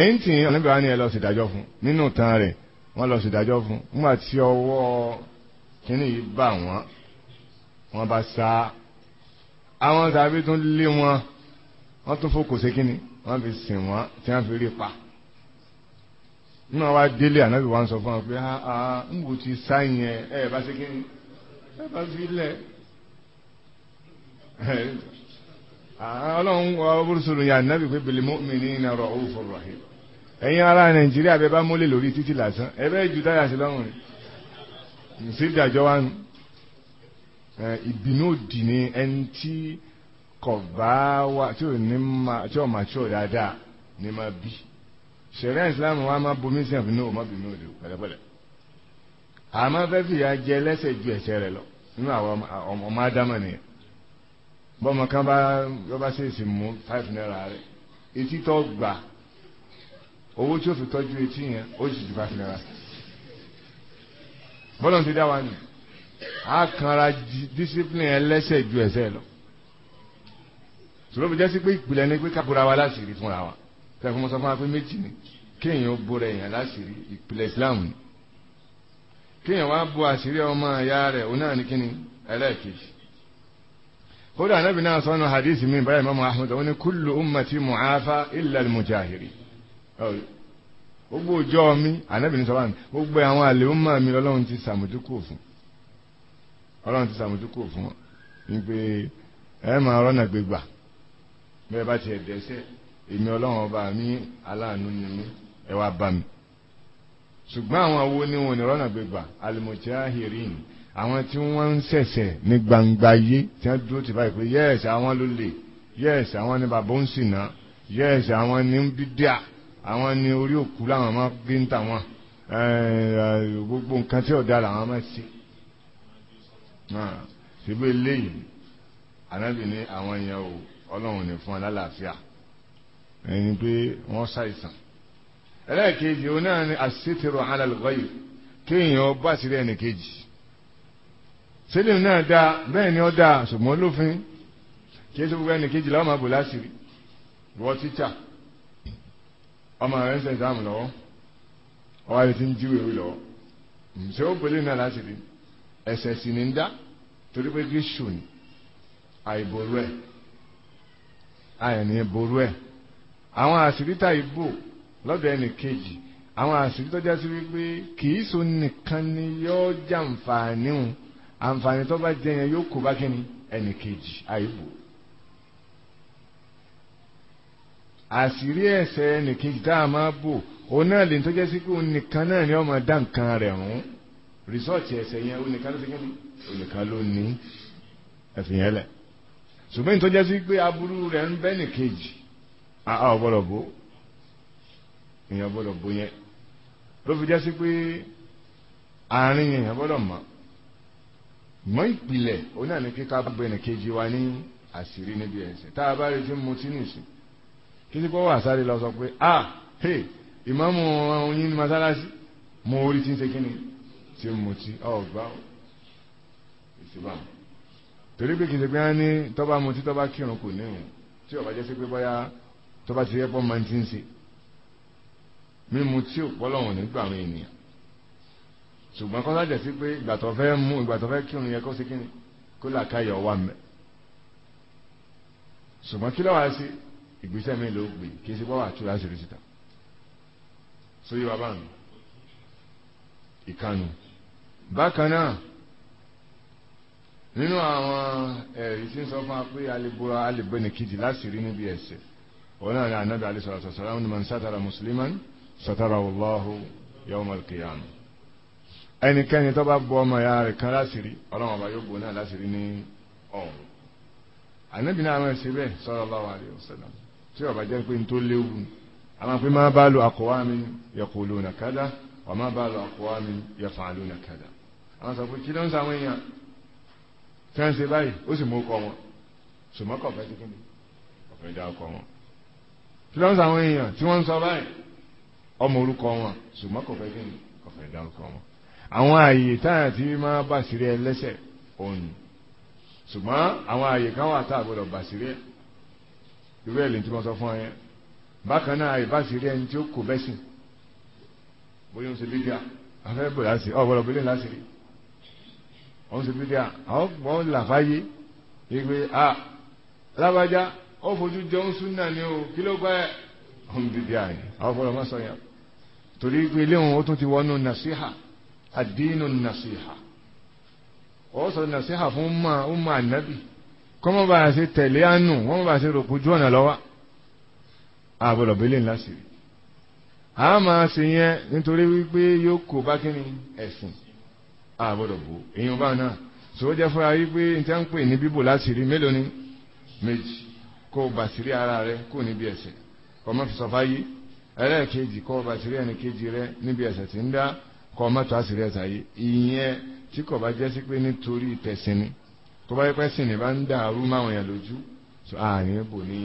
ẹ̀yìn tí ọ̀nàbẹ̀wá ni ẹ lọ ṣèdájọ́ fún nínú tan rẹ̀ wọ́n lọ ṣèdájọ́ fún nígbà tí ọwọ́ kínní yìí bà wọ́n wọ́n bá sá àwọn tàbí tún lé wọn wọ́n tún fòkò sí kíni wọ́n fi sìn wọ́n tí wọ́n fi rí pa nínú àwa délé ànábì wa ń sọ fún wọn pé ah ń bò ti sá yẹn ẹ bá sí kíni ẹ bá fi lẹ ọlọ́run ọbúrúsọ̀rọ̀ yà ànábì pé bil mu'minina ra'ufur rahim ẹ̀yin ará nàìjíríà bẹ́ẹ̀ bá mólè lórí títì lásán ẹ bẹ́ẹ̀ ju táyà sí lọ́rùn rẹ̀ sí ìdájọ́ wa nù ìbínú òdì ni ẹni tí kò bá ò ní ma tí ò máa tí ò dáadáa ní ma bí sẹ̀ríà ìsìlámù wa máa bomi sí àfihàn ò má bínú òdì pẹ̀lẹ́pẹ̀lẹ́ àmọ́ fẹ́ fìyà jẹ lẹ́sẹ̀ ju ẹ̀ṣẹ̀ rẹ̀ lọ nínú àwọn ọmọ ádámà nìyẹn bọ́mọ kan bá bá ṣèṣì mú five naira rẹ̀ etí tó gbà owó tí ó fi tọ́jú etí yẹn ó sì ju five naira bọ́lá ti dá wa nìyẹn a kanra discipline ẹlẹ́sẹ̀ ju ẹsẹ̀ lọ sọlọ bí jẹ́sí pé ìpìlẹ̀ ni pé kábúra wa láṣìírí fúnra wa kẹfún mọ́sán fún wa pé méjì ni kéèyàn bóra èèyàn láṣìírí ìpìlẹ̀ Islam ni kéèyàn wá bo àṣírí ọmọ ìyá rẹ̀ òun náà ní kíni ẹlẹ́ẹ̀kejì kódà anábì náà sọnù hadith mi báyìí mọ́mọ́ Ahmed ó ní kullu ummati mu'afa illa al-mujahiri gbogbo ọjọ́ mi anábì ní sọ́wọ́n gbogbo àwọn àlè ó máa mi lọ́lọ́run ti sàmójúkú òfin ọlọ́run ti sàmójúkò fún ọ wípé ẹ máa rọ́nà gbégbà bẹ́ẹ̀ bá tiẹ̀ dẹ́sẹ̀ èmi ọlọ́run ọba mi aláàánú ni mí ẹ wá bá mi ṣùgbọ́n àwọn awo ni wọn ò ní rọ́nà gbégbà alimotiahirin àwọn tí wọ́n ń ṣẹ̀ṣẹ̀ ní gbangba yé tí wọ́n dúró ti báyìí pé yẹ́ẹ̀sì àwọn ló lè yẹ́ẹ̀sì àwọn ni bàbá ń sìn náà yẹ́ẹ̀sì àwọn ni ń bídíà àwọn ni orí òkú làwọn máa gbé ń tà wọn gbogbo nǹkan tí ọ̀dà làwọn máa ṣe náà síbí eléyìí anábì ní àwọn èèyàn ò ọlọ́run ní fún alálàáfíà ẹni pé wọ́n ṣàìsàn ẹlẹ́ẹ̀kejì òun náà ni àṣetìrò alàlùkọ́yì kéèyàn bá sílẹ̀ ẹnì kejì sílẹ̀ náà dáa bẹ́ẹ̀ ni ó dáa ṣùgbọ́n lófin kí ẹsẹ̀ gbogbo ẹnì kejì láwọn máa bò láṣìírí wọ́n tíṣà ọmọ rẹ̀ ń sẹ̀ sáàmù lọ́wọ́ ọwọ́ àti ti ń jíwèé lọ́wọ́ ṣé ó pèlè náà láṣìírí ẹ̀ṣẹ̀ sì ní ń dá torí pé gíṣù ni àìbòrú ẹ̀ àìní ború ẹ̀ àwọn àṣírítà ìbò lọ́dọ̀ ẹnì kejì àwọn àṣírí tó já sí wípé kìí so nìkan ni yóò jàǹfààní hùn àǹfààní tó bá jẹ yẹn yóò kó bá kíni ẹnì kejì àìbò àṣírí ẹ̀ṣẹ̀ ẹnì kejì tá a máa bò òun náà lè tó sí pé òun nìkan náà ni ọmọ dá nǹkan rẹ̀ hùn rìsọ́ọ̀tì ẹ̀sẹ̀ yẹn onìkan ló ti kíni onìkan ló ní ẹ̀sìn yẹn lẹ̀ ṣùgbọ́n tó jẹ́ sí pé aburú rẹ̀ ń bẹ́ nìkejì àá ọ̀gbọ́dọ̀ bó èèyàn gbọ́dọ̀ bó yẹn ló fi jẹ́ sí pé àárín èèyàn gbọ́dọ̀ mọ̀ mọ́ ìpìlẹ̀ kíkà gbé nìkejì wa ní àṣírí níbi ẹ̀sẹ̀ tá a bá rí tí mo ti nìsín kí sí wà sáré lọ sọ pé ah hey ìmáàmù ọ̀hún yín ní masalasi mo rí tí ń ṣe kí tí ń mutí ọ̀gbá ìṣèbá torí pé kìí ṣe pé á ní tọ́ba mutí tọ́ba kírun kò ní ìwọ̀n tí ọba jẹ́ sí pé bọ́yá tọ́ba ti rẹ́pọ̀ máa ti ń ṣe mímu tí ò pọ́lọ́wọ̀n nígbà àwọn ènìyàn ṣùgbọ́n kọ́ńtà jẹ́ sí pé ìgbà tó fẹ́ mú ìgbà tó fẹ́ kírun yẹ kó ṣe kíni kó làkàyọ̀ wà mẹ́ ṣùgbọ́n kí lọ́wọ́ á ìgbésẹ̀ mi ló gbé kí ṣe pọ́wà tó láṣìírí síta sóyè bàbá mi ìkànnì bákan náà nínú àwọn ẹ̀rí tí ń sọ fún wa pé alebora alebẹ́ni kejì láti rí níbi ẹ̀ṣẹ̀ wọn náà ní anabi alisalaam salaam ni man satara musliman satara allahu yawmal qiyam ẹnikẹ́ni tó bá bọ ọmọ ya rẹ̀ kan láti rí ọlọ́run ọba yóò bò náà láti rí ní ọ̀hún anabi náà máa ṣe bẹ́ẹ̀ sallallahu alaihi wasallam tí ó bá pé n tó léwu àwọn pé má bá lo àkọ́wá mi yaquluna kada wa má bá lo àkọ́wá mi yaf'aluna kada àwọn sọ pé kí ló ń sàwọn èèyàn tí wọ́n ń ṣe báyìí ó sì mú ọkọ wọn sòmọ́kọ̀ ọ̀fẹ́ ti kíni ọ̀fẹ́ dá ọkọ wọn kí ló ń sàwọn èèyàn tí wọ́n ń sọ báyìí ọmọ orúkọ wọn sòmọ́kọ̀ ọ̀fẹ́ kíni ọ̀fẹ́ dá ọkọ wọn àwọn ààyè táyà tí máa bà sírí ẹlẹ́sẹ̀ òun ṣùgbọ́n àwọn ààyè kan wà tá a gbọ́dọ̀ bà sírí ẹ̀ irú tí mo sọ fún ọ yẹn bákan náà òun ṣe bídíà àwọn ọ̀gbọ́n là fáyé a lábàjá ó fojú jẹun súnà ni o kí ló gbá ẹ òun bídíà yìí àwọn ọ̀pọ̀lọpọ̀ máa sọ yẹn torí pé ilé òun ó tún ti wọnú nàṣíhà àdínú nàṣíhà ó sọ nàṣíhà fún ọmọ ànábì kọ́mọ́ bá a ṣe tẹ̀lé àánú wọ́n bá a ṣe rò ọ̀nà lọ́wọ́ àbọ̀lọ̀ bẹ́lẹ̀ ńlá sí i a ṣe yẹn nítorí wípé yóò kó bá kí ni ẹ̀sìn àgbọ̀dọ̀ bò èyàn bá náà so ó jẹ́ fúnra yí pé n tẹ́ ń pè ní bíbò láti rí mélòó ni méjì kó o bàtírí ara rẹ kó o níbi ẹ̀ṣẹ̀ kọ́mọ́ fi sọ́fá yí ẹlẹ́ẹ̀kejì kó o bàtírí ẹni kejì rẹ níbi ẹ̀ṣẹ̀ tí ń dá kọ́mọ́ tó àṣírí ẹ̀ṣẹ̀ yìí ìyẹn tí kò bá jẹ́ sí pé nítorí ìtẹ̀sìn ni tó bá yẹ pé sìn ní bá ń dàrú máwọn yẹn lójú so àárín bò ní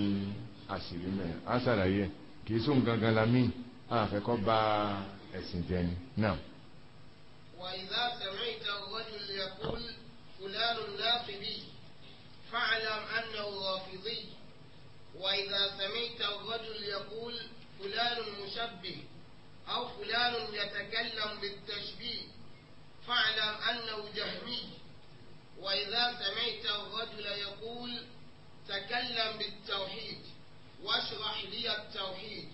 àṣírí mẹ́rin á ṣàlàyé kì í sóhun gangan la míì àfẹ́kọ́ ba ẹ̀sìn jẹ ni náà. وإذا سمعت الرجل يقول فلان ناصبي فاعلم أنه رافضي وإذا سمعت الرجل يقول فلان مشبه أو فلان يتكلم بالتشبيه فاعلم أنه جهمي وإذا سمعت الرجل يقول تكلم بالتوحيد واشرح لي التوحيد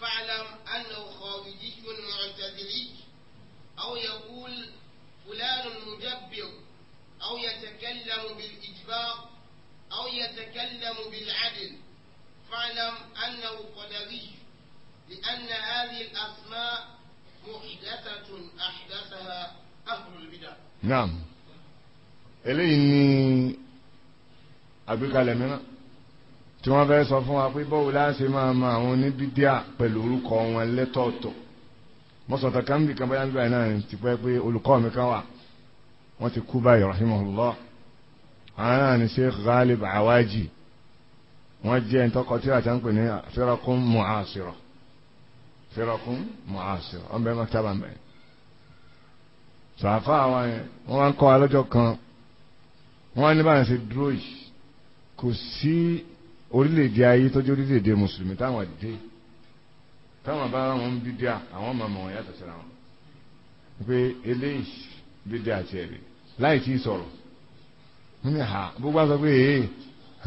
فاعلم أنه خارجي معتزلي أو يقول فلان مجبر أو يتكلم بالإجبار أو يتكلم بالعدل فاعلم أنه قدري لأن هذه الأسماء محدثة أحدثها أهل البدع نعم eléyìí ni àgbékalẹ̀ mìíràn tí wọ́n fẹ́ sọ fún wa pé bọ́ọ̀lù láti máa ma àwọn oníbídíà pẹ̀lú orúkọ wọn lẹ́tọ̀ọ̀tọ̀ mọ́sọ̀tà kan bí kan báyà ń gbà náà ti pẹ́ pé olùkọ́ mi kan wà wọ́n ti kú báyìí rahimahullah àwọn náà ni sheikh ghalib awaji wọ́n jẹ́ ntọ́kọ tí a ti ń pè ní firakun mu'asira firakun mu'asira wọ́n bẹ́ẹ̀ máa tábà sàfà àwọn yẹn wọ́n kọ́ alọ́jọ́ kan wọ́n ní báyìí ṣe dúró yìí kò sí orílẹ̀-èdè ayé tọ́jú orílẹ̀-èdè mùsùlùmí táwọn dé táwọn bá wọn bí díà àwọn ọmọ ọmọ wọn yàtọ̀ síra wọn pé eléyìí bí díà tiẹ̀ rè láì tí sọ̀rọ̀ wọ́n ní ha bó bá sọ pé ee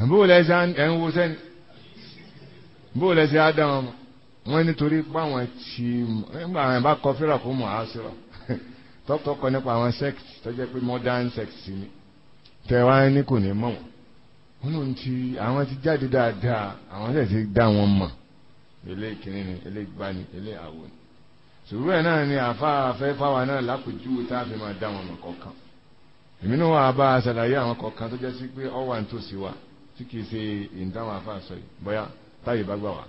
bó lẹ́sẹ̀ ẹ̀ ń wo sẹ́ni bó lẹ́sẹ̀ á dá wọn mọ́ wọ́n nítorí báwọn ti nígbà àwọn ìbá kọ fírà kó mọ̀ á sírọ̀ tọ́tọ́ kọ nípa àwọn sect tó jẹ́ pé modern sect ni tẹ̀wá ní kò ní mọ̀ wọ́n wọ́n ti àwọn ti jáde dáadáa àwọn sì ti dá wọn mọ̀ ilé ìkíní ni ilé ìgbani ilé àwò ni ṣùgbọ́n ẹ̀ náà ni àfáàfẹ́ fáwa náà lápèjúwe tá a fi máa dá wọn mọ̀ kọ̀ọ̀kan èmi náà wà bá a ṣàlàyé àwọn kọ̀ọ̀kan tó jẹ́ sí pé ọ wà nítòsí wa tí kìí ṣe ìdáhùn àfáà sọ yìí bóyá táyé bá gbà wá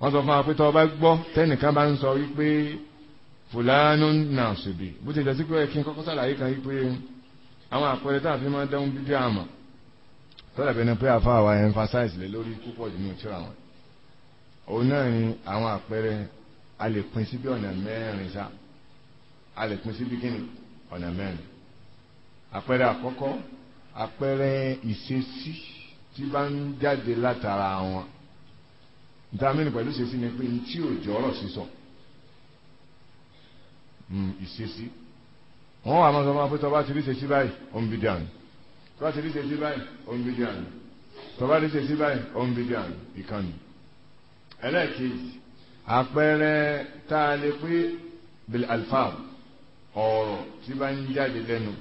wọ́n sọ fún wa pé tọ́ ọ bá gbọ́ tẹ́nìkan bá ń sọ wípé fùlànù náà ṣèbí bó ti jẹ́ sí pé kí n kọ́kọ́ ṣàlàyé kan wípé àwọn àpẹẹrẹ tá a fi máa dẹ́hùn bíbí àmọ́ tọ́lá bẹni pé àfáà wa emphasize lé lórí púpọ̀ jù ní òtí òun náà ni àwọn àpẹẹrẹ a lè pín sí bí ọ̀nà mẹ́rin sá a lè pín sí bí kíni ọ̀nà mẹ́rin àpẹẹrẹ àkọ́kọ́ àpẹẹrẹ ìṣesí tí bá ń jáde látara wọn níta mẹ́rin pẹ̀lú ìṣesí ni pé tí ò jọ ọ̀rọ̀ sísọ hmm, ìṣesí wọn wà máa sọ fún wa pé tọba ti rí ṣe báyìí ó ń bí díà ni tọba ti rí ṣe báyìí ó ń bí díà ni tọba rí ṣe báyìí ó ń bí díà ìkànnì ẹlẹ́ẹ̀kejì àpẹẹrẹ tá a lè pé bil alfam ọ̀rọ̀ tí bá ń jáde lẹ́nu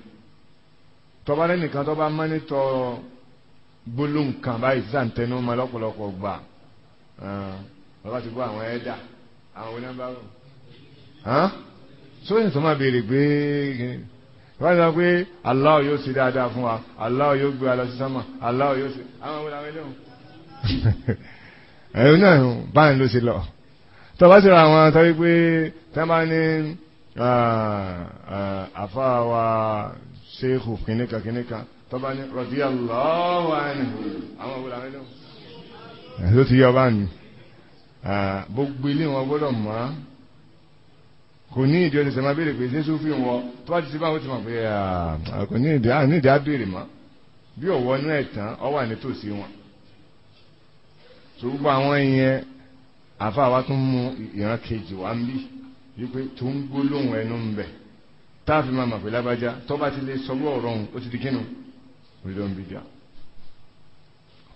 tọ́ba lẹ́nìkan tọ́ba mọ́nítọ́ gbólóhùn kan báyìí sáǹtẹ́nu ọmọ lọ́pọ̀lọpọ̀ gbà bàbá ti gbọ́ àwọn ẹ̀dà àwọn onábàárò sóyìn tó máa béèrè pé wọ́n ti sọ pé Allah yóò ṣe dáadáa fún wa Allah yóò gbé wa lọ sí sánmà Allah yóò ṣe àwọn ọmọ làwọn ẹlẹ́wọ̀n ẹ̀rù náà báyìí ló ṣe lọ tọ́ bá ti ra àwọn tọ́ wípé tẹ́ bá ní àfáàwà ṣéèkù kìnníkan kìnníkan tọ́ bá ní radiyallahu anhu àwọn òwúrọ̀ àwọn ẹlẹ́wọ̀n. ẹ̀sọ́ ti yọ bá ní gbogbo ilé wọn gbọ́dọ̀ mọ́ kò ní ìdí ọ̀sẹ̀ máa béèrè pé ṣé sófin wọn tó bá ti ṣe báwọn ti mọ̀ pé kò ní ìdí á béèrè mọ́ bí ọ̀wọ́ inú ẹ̀ tán ọ wà nítòsí wọn ṣùgbọ́n àwọn èèyàn àfa wa tún mú ìran kejì wa ń bí wípé tó ń gbólóhùn ẹnu ń bẹ̀ táàfin máa mọ̀ pé lábájá tó bá ti lè sọgbọ́ ọ̀rọ̀ òun ó ti di kínú òdìdó ń bìjà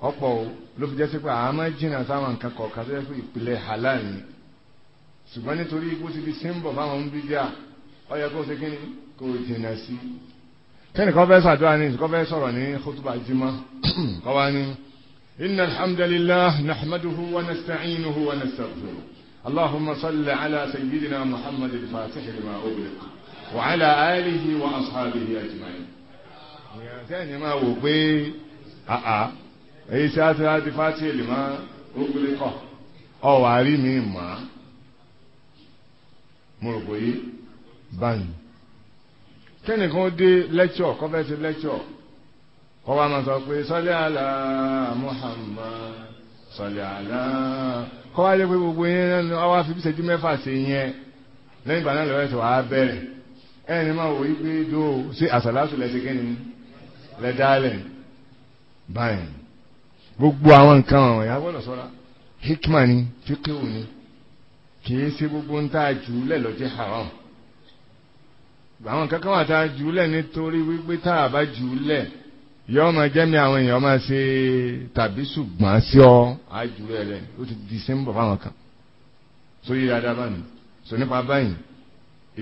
ọ̀pọ̀ o ló fi jẹ́ sí pé àmọ́ jìnnà sáwọn nǹkan kọ̀ọ̀kan tó yẹ pé ìpìlẹ̀ halal ni ṣùgbọ́n nítorí ikú ti fi símbọ̀ fáwọn ń bìjà ó yẹ kó ṣe kí ni kó jìnnà sí i kẹ́nìkan sàdúrà ní kọ́ sọ̀rọ̀ ní kótóbà jímọ̀ kọ́ wá ní. إن الحمد لله نحمده ونستعينه ونستغفره اللهم صل على سيدنا محمد الفاتح لما أغلق وعلى آله وأصحابه أجمعين ìyàtẹ́ni máa wò pé àà èyí tí a ti láti fàtí èlè máa ó gbélé kọ̀ ọwà rí mi mà á mo rò pé báyìí kẹ́nìkan dé lẹ́kṣọ̀ kọ́fẹ́ ti lẹ́kṣọ̀ kọ́ wa máa sọ pé sọ́lẹ̀ àlá Muhammad sọ́lẹ̀ àlá kọ́ wa lé pé gbogbo yẹn lẹ́nu ọwọ́ àfibí ṣẹ́jú mẹ́fà sí yẹn lẹ́yìn ìgbà náà lọ́wọ́ ẹ̀sẹ̀ wàá bẹ̀rẹ̀ ẹni máa wòye pé dó sí àsàlásù lẹ́sẹ̀ kẹ́ni lẹ́dálẹ̀ báyìí gbogbo àwọn nǹkan àwọn ìyá gbọ́dọ̀ sọ́ra hikma ni fíkíwù ni kìí ṣe gbogbo ń tà jù lẹ́lọ́ jẹ́ haram àwọn kankan wà tá jù lẹ̀ nítorí wípé tá a jù lẹ̀ yọ́ ma jẹ́mi àwọn èèyàn máa ṣe tàbí ṣùgbọ́n sí ọ àjùlọ ẹ̀rẹ́ ó ti di símbọ̀ fáwọn kan so yí dáadáa bá so nípa báyìí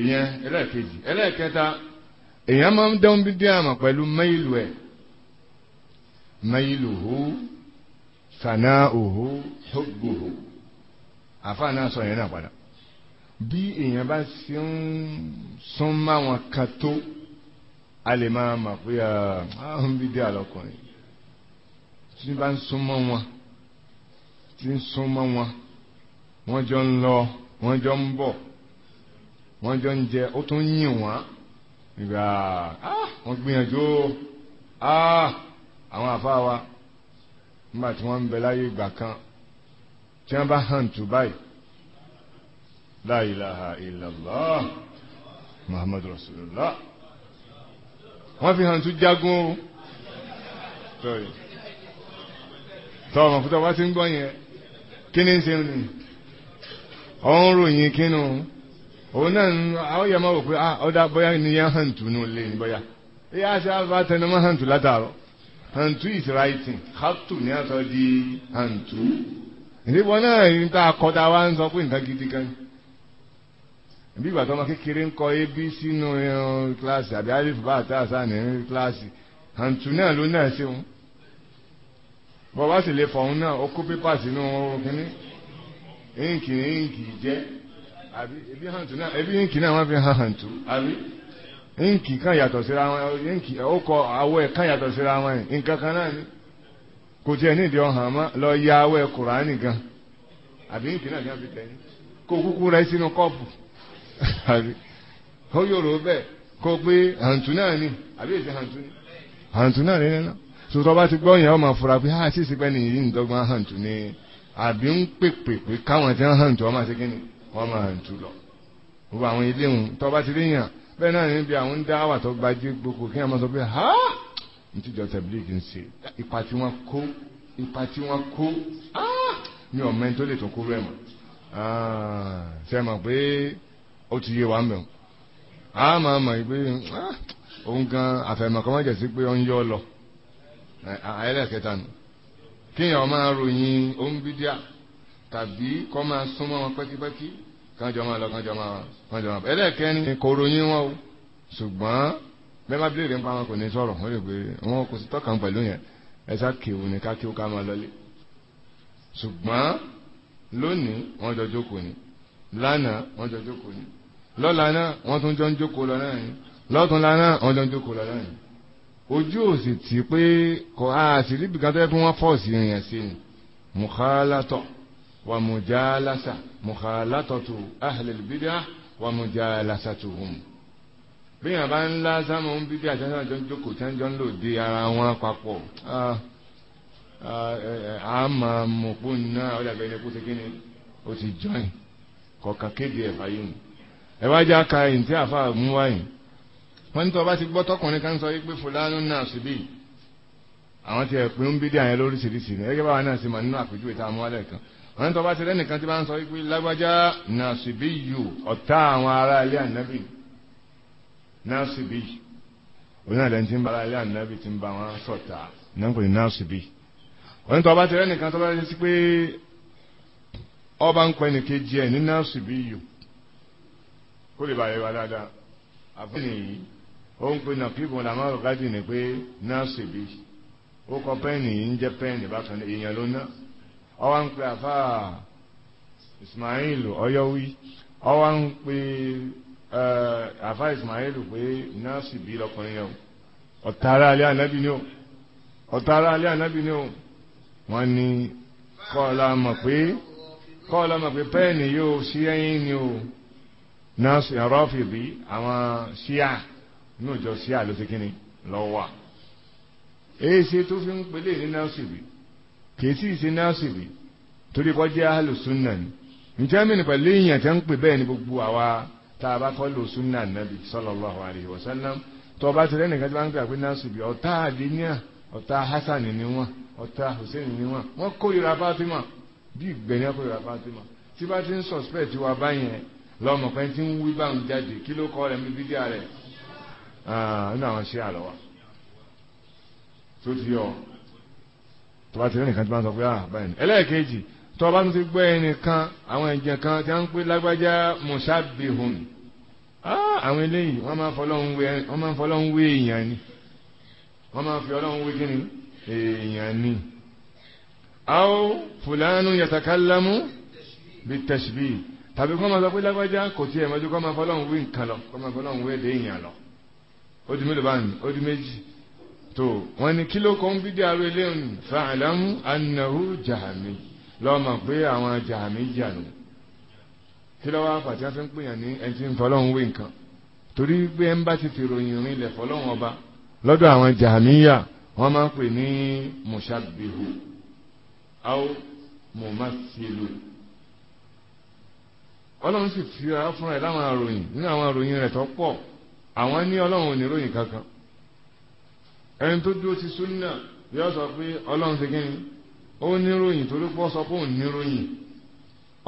ìyẹn ẹlẹ́ẹ̀kejì ẹlẹ́ẹ̀kẹta èèyàn máa ń dán bí dí àmọ̀ pẹ̀lú mẹ́ìlù ẹ̀ mẹ́ìlù hó sànà òhó ṣógbòhó àfáà náà sọ yẹn náà padà bí èèyàn bá ṣe ń sún máwọn kan tó a lè máa mà pé àwọn ah, bídí àlọ́kùnrin tí bá ń súnmọ́ wọn tí ń súnmọ́ wọn wọ́n jọ ń lọ wọ́n jọ ń bọ̀ wọ́n jọ ń jẹ ó tún yìn wọ́n ìgbà ah, wọ́n gbìyànjú ah, àwọn àfáà wa nígbà tí wọ́n ń bẹ láyé ìgbà kan tí wọ́n bá hàn tù báyìí la ilaha illallah muhammadu rasulullah wọ́n fi hàn tún jagun o tọ́ ọmọ fúta wá sí ń gbọ́ yẹn kí ni ń ṣe ni ọ̀hún ròyìn kínú òun náà ń àwọn yẹn máa wò pé ọ̀dà ah, bóyá ni yẹn hàn tù nù lé ní bóyá èyí á ṣe àbá tẹnumọ́ hàn tù látàárọ̀ hàn tù is writing hàtù ní àtọ́ di hàn tù ìdíbọn náà ní ta kọ́ta wá ń sọ pé nǹkan gidi kan ni. bí ìgbà tó ọmọ kékeré ń kọ ab sínú kíláàsì àbí alif bá klaasị ní kíláàsì àǹtù náà ló náà ṣe wọn bọ́ bá sì lè náà ó kó pépà sínú kínní ní jẹ́ àbí ebi náà wọ́n fi hàn àǹtù àbí kan yàtọ̀ síra wọn ó kọ ẹ̀ kan yàtọ̀ síra wọn nǹkan kan kó yòrò bẹ́ẹ̀ kó pé hàǹtù náà ni àbí èsì hàǹtù ni hàǹtù náà nínú náà sòtọ́ ti gbọ́ yẹn ọmọ àfúrà pé ha sì sí pé ní yìí ń hàǹtù ni àbí ń pèpè pé káwọn ti hàǹtù ọmọ àti kíni ọmọ hàǹtù lọ gbogbo àwọn ilé wọn tọ́ ti rí yàn bẹ́ẹ̀ náà níbi àwọn ń dá wà tó gbajú gbogbo kí wọ́n sọ pé ha n ti jọ ń ṣe ipa tí wọ́n kó ipa tí wọ́n kó ah! mi ò mẹ́ni ó ti yé wa ń bẹ̀ wọn a máa mọ̀ pé ah, òun gan àfẹ̀mọ̀kọ́mọ́jẹ̀ sí pé ó ń yọ ọ lọ ẹlẹ́kẹta nù kíyàn máa ròyìn ombidia tàbí kọ́ máa súnmọ́ wọn pẹ́kípẹ́kí kánjọ máa lọ kánjọ máa kánjọ máa ẹlẹ́kẹ́ni kò ròyìn wọn o ṣùgbọ́n bẹ́ẹ̀ má bílẹ̀ ń pa wọn kò ní sọ̀rọ̀ wọ́n lè pé wọn kò sí tọ́kàn pẹ̀lú yẹn ẹ̀sà kéwù ní ká kéwù ká máa lọlé ṣùgbọ́n lónìí wọ́n jọ jókòó ni lánàá wọ́n jọ jókòó ni lọ́la náà wọ́n tún jọ ń jókòó lọ náà yìí lọ́túnla náà wọ́n jọ ń jókòó lọ náà yìí ojú ò sì tì pé kò àṣì níbi kan tó yẹ kí wọ́n fọ́ọ̀sì ìrìn sí ni mùkálátọ̀ wà mùjálásà mùkálátọ̀ tó ahlil bídà wà mùjálásà tó hùm. bí yàrá ń lá sámú ń bídà tí wọ́n jọ ń jókòó tí wọ́n jọ ń lò dé ara wọn papọ̀ a máa mọ̀ pé náà ọ̀dà bẹ́ẹ̀ ni kó ṣe kí ni ó ti jọyìn kọ̀ọ̀kan kéde ẹ̀fà yìí nù ẹ wá já ka ẹ̀yìn tí àfa mú wáyìn wọ́n ní tí wọ́n bá ti gbọ́ tọkùnrin kan sọ yìí pé fúlánù náà sì bíi àwọn tí ẹ̀ pé ń bídí àyẹn lóríṣiríṣi ní ẹgbẹ́ báwa náà sì mọ̀ nínú àpèjúwe tá a mú wálẹ̀ kan wọ́n ní tí wọ́n bá ti rẹ́nìkan tí wọ́n sọ yìí pé lágbájá náà sì bí yù ọ̀tá àwọn ará ilé ànábì náà sì oní àlẹ́ tí ń bá ará ilé ànábì tí ń bá wọn sọ̀tà náà pè ní náà sì bí ní tí kó lè bàyẹ̀ wá dáadáa àfẹ́yìn yìí ó ń pe nàkíbùn làmọ́ ọ̀gájì ní pé nọ́ọ̀sì bí ó kọ pẹ́ẹ̀nì yìí ń jẹ́ pẹ́ẹ̀nì bákan èèyàn ló ná ọwá ń pe àfà Ismail Ọ̀yọ́wí ọwá ń pe àfà Ismail pé nọ́ọ̀sì bí lọkùnrin yẹn ọ̀tara alẹ́ ànábì ni ó ọ̀tara alẹ́ ànábì ni ó wọ́n ní kọ́ ọ la pé kọ́ ọ la mọ̀ pé pẹ́ẹ̀nì yóò sí ẹyin ni ó nọ́ọ̀sì rọ́fìdì àwọn ṣíà inú ìjọ ṣíà ló ti kíni lọ́wọ́ èsì tó fi ń pelé ní nọ́ọ̀sì bì kìí sì ṣe nọ́ọ̀sì bì torí kọ́ jẹ́ àlò súnà ni ǹjẹ́ mìíràn pẹ̀lú èèyàn tẹ́ ń bẹ́ẹ̀ ni gbogbo àwa tá a bá kọ́ lò súnà nàbì sallallahu alaihi wasallam tó o bá ti lẹ́nu ìkájọ́ bá ń pè àpé nọ́ọ̀sì bì ọ̀tá àdínyà ọ̀tá hasan ni wọ́n ọ̀tá hussein ni wọ́n wọ́n kórìíra Fatima bí ìgbẹ́ni kórìíra Fatima tí bá ti ń suspect lọ́mọ pé tí ń wí bá ń jáde kí ló kọ́ rẹ̀ mi fídíà rẹ̀ nínú àwọn ṣe àlọ́wà tó ti yọ tó bá ti rí nìkan tí wọ́n sọ pé ah báyìí ẹlẹ́ẹ̀kejì tó bá tún ti gbọ́ ẹnìkan àwọn ẹ̀jẹ̀ kan tí wọ́n ń pè lágbájá mushabihun àwọn eléyìí wọ́n máa ń fọlọ́hún wé èèyàn ni wọ́n máa fi ọlọ́hún wé kíni èèyàn ni. àwọn fúlànù yàtàkàlámù bí tẹ̀síbíì tàbí kọ́ máa sọ pé lágbájá kò tiẹ̀ mọ́jú kọ́ máa fọlọ́run wí nǹkan lọ kọ́ máa fọlọ́run wí èdè èèyàn lọ ó di mélòó báyìí ó di méjì tó wọn ni kí ló kọ́ ń bí dé aró ilé ń fa'alamu annahu jahami lọ́mọ pé àwọn jahami jànú kí lọ́wọ́ àpàtì á fi ń pèèyàn ní ẹni tí ń fọlọ́run wí nǹkan torí pé ẹ ń bá ti fi ròyìn rin ilẹ̀ fọlọ́run ọba lọ́dọ̀ àwọn jahamiya wọ́n máa pè ní mushabbihu ọlọ́run sì fi ara fúnra ẹ̀ láwọn àròyìn nínú àwọn àròyìn rẹ̀ tó pọ̀ àwọn ní ọlọ́run oníròyìn kankan ẹni tó dúró ti súnà yóò sọ pé ọlọ́run ti kí ni ó níròyìn torí pọ́ sọ pé òun níròyìn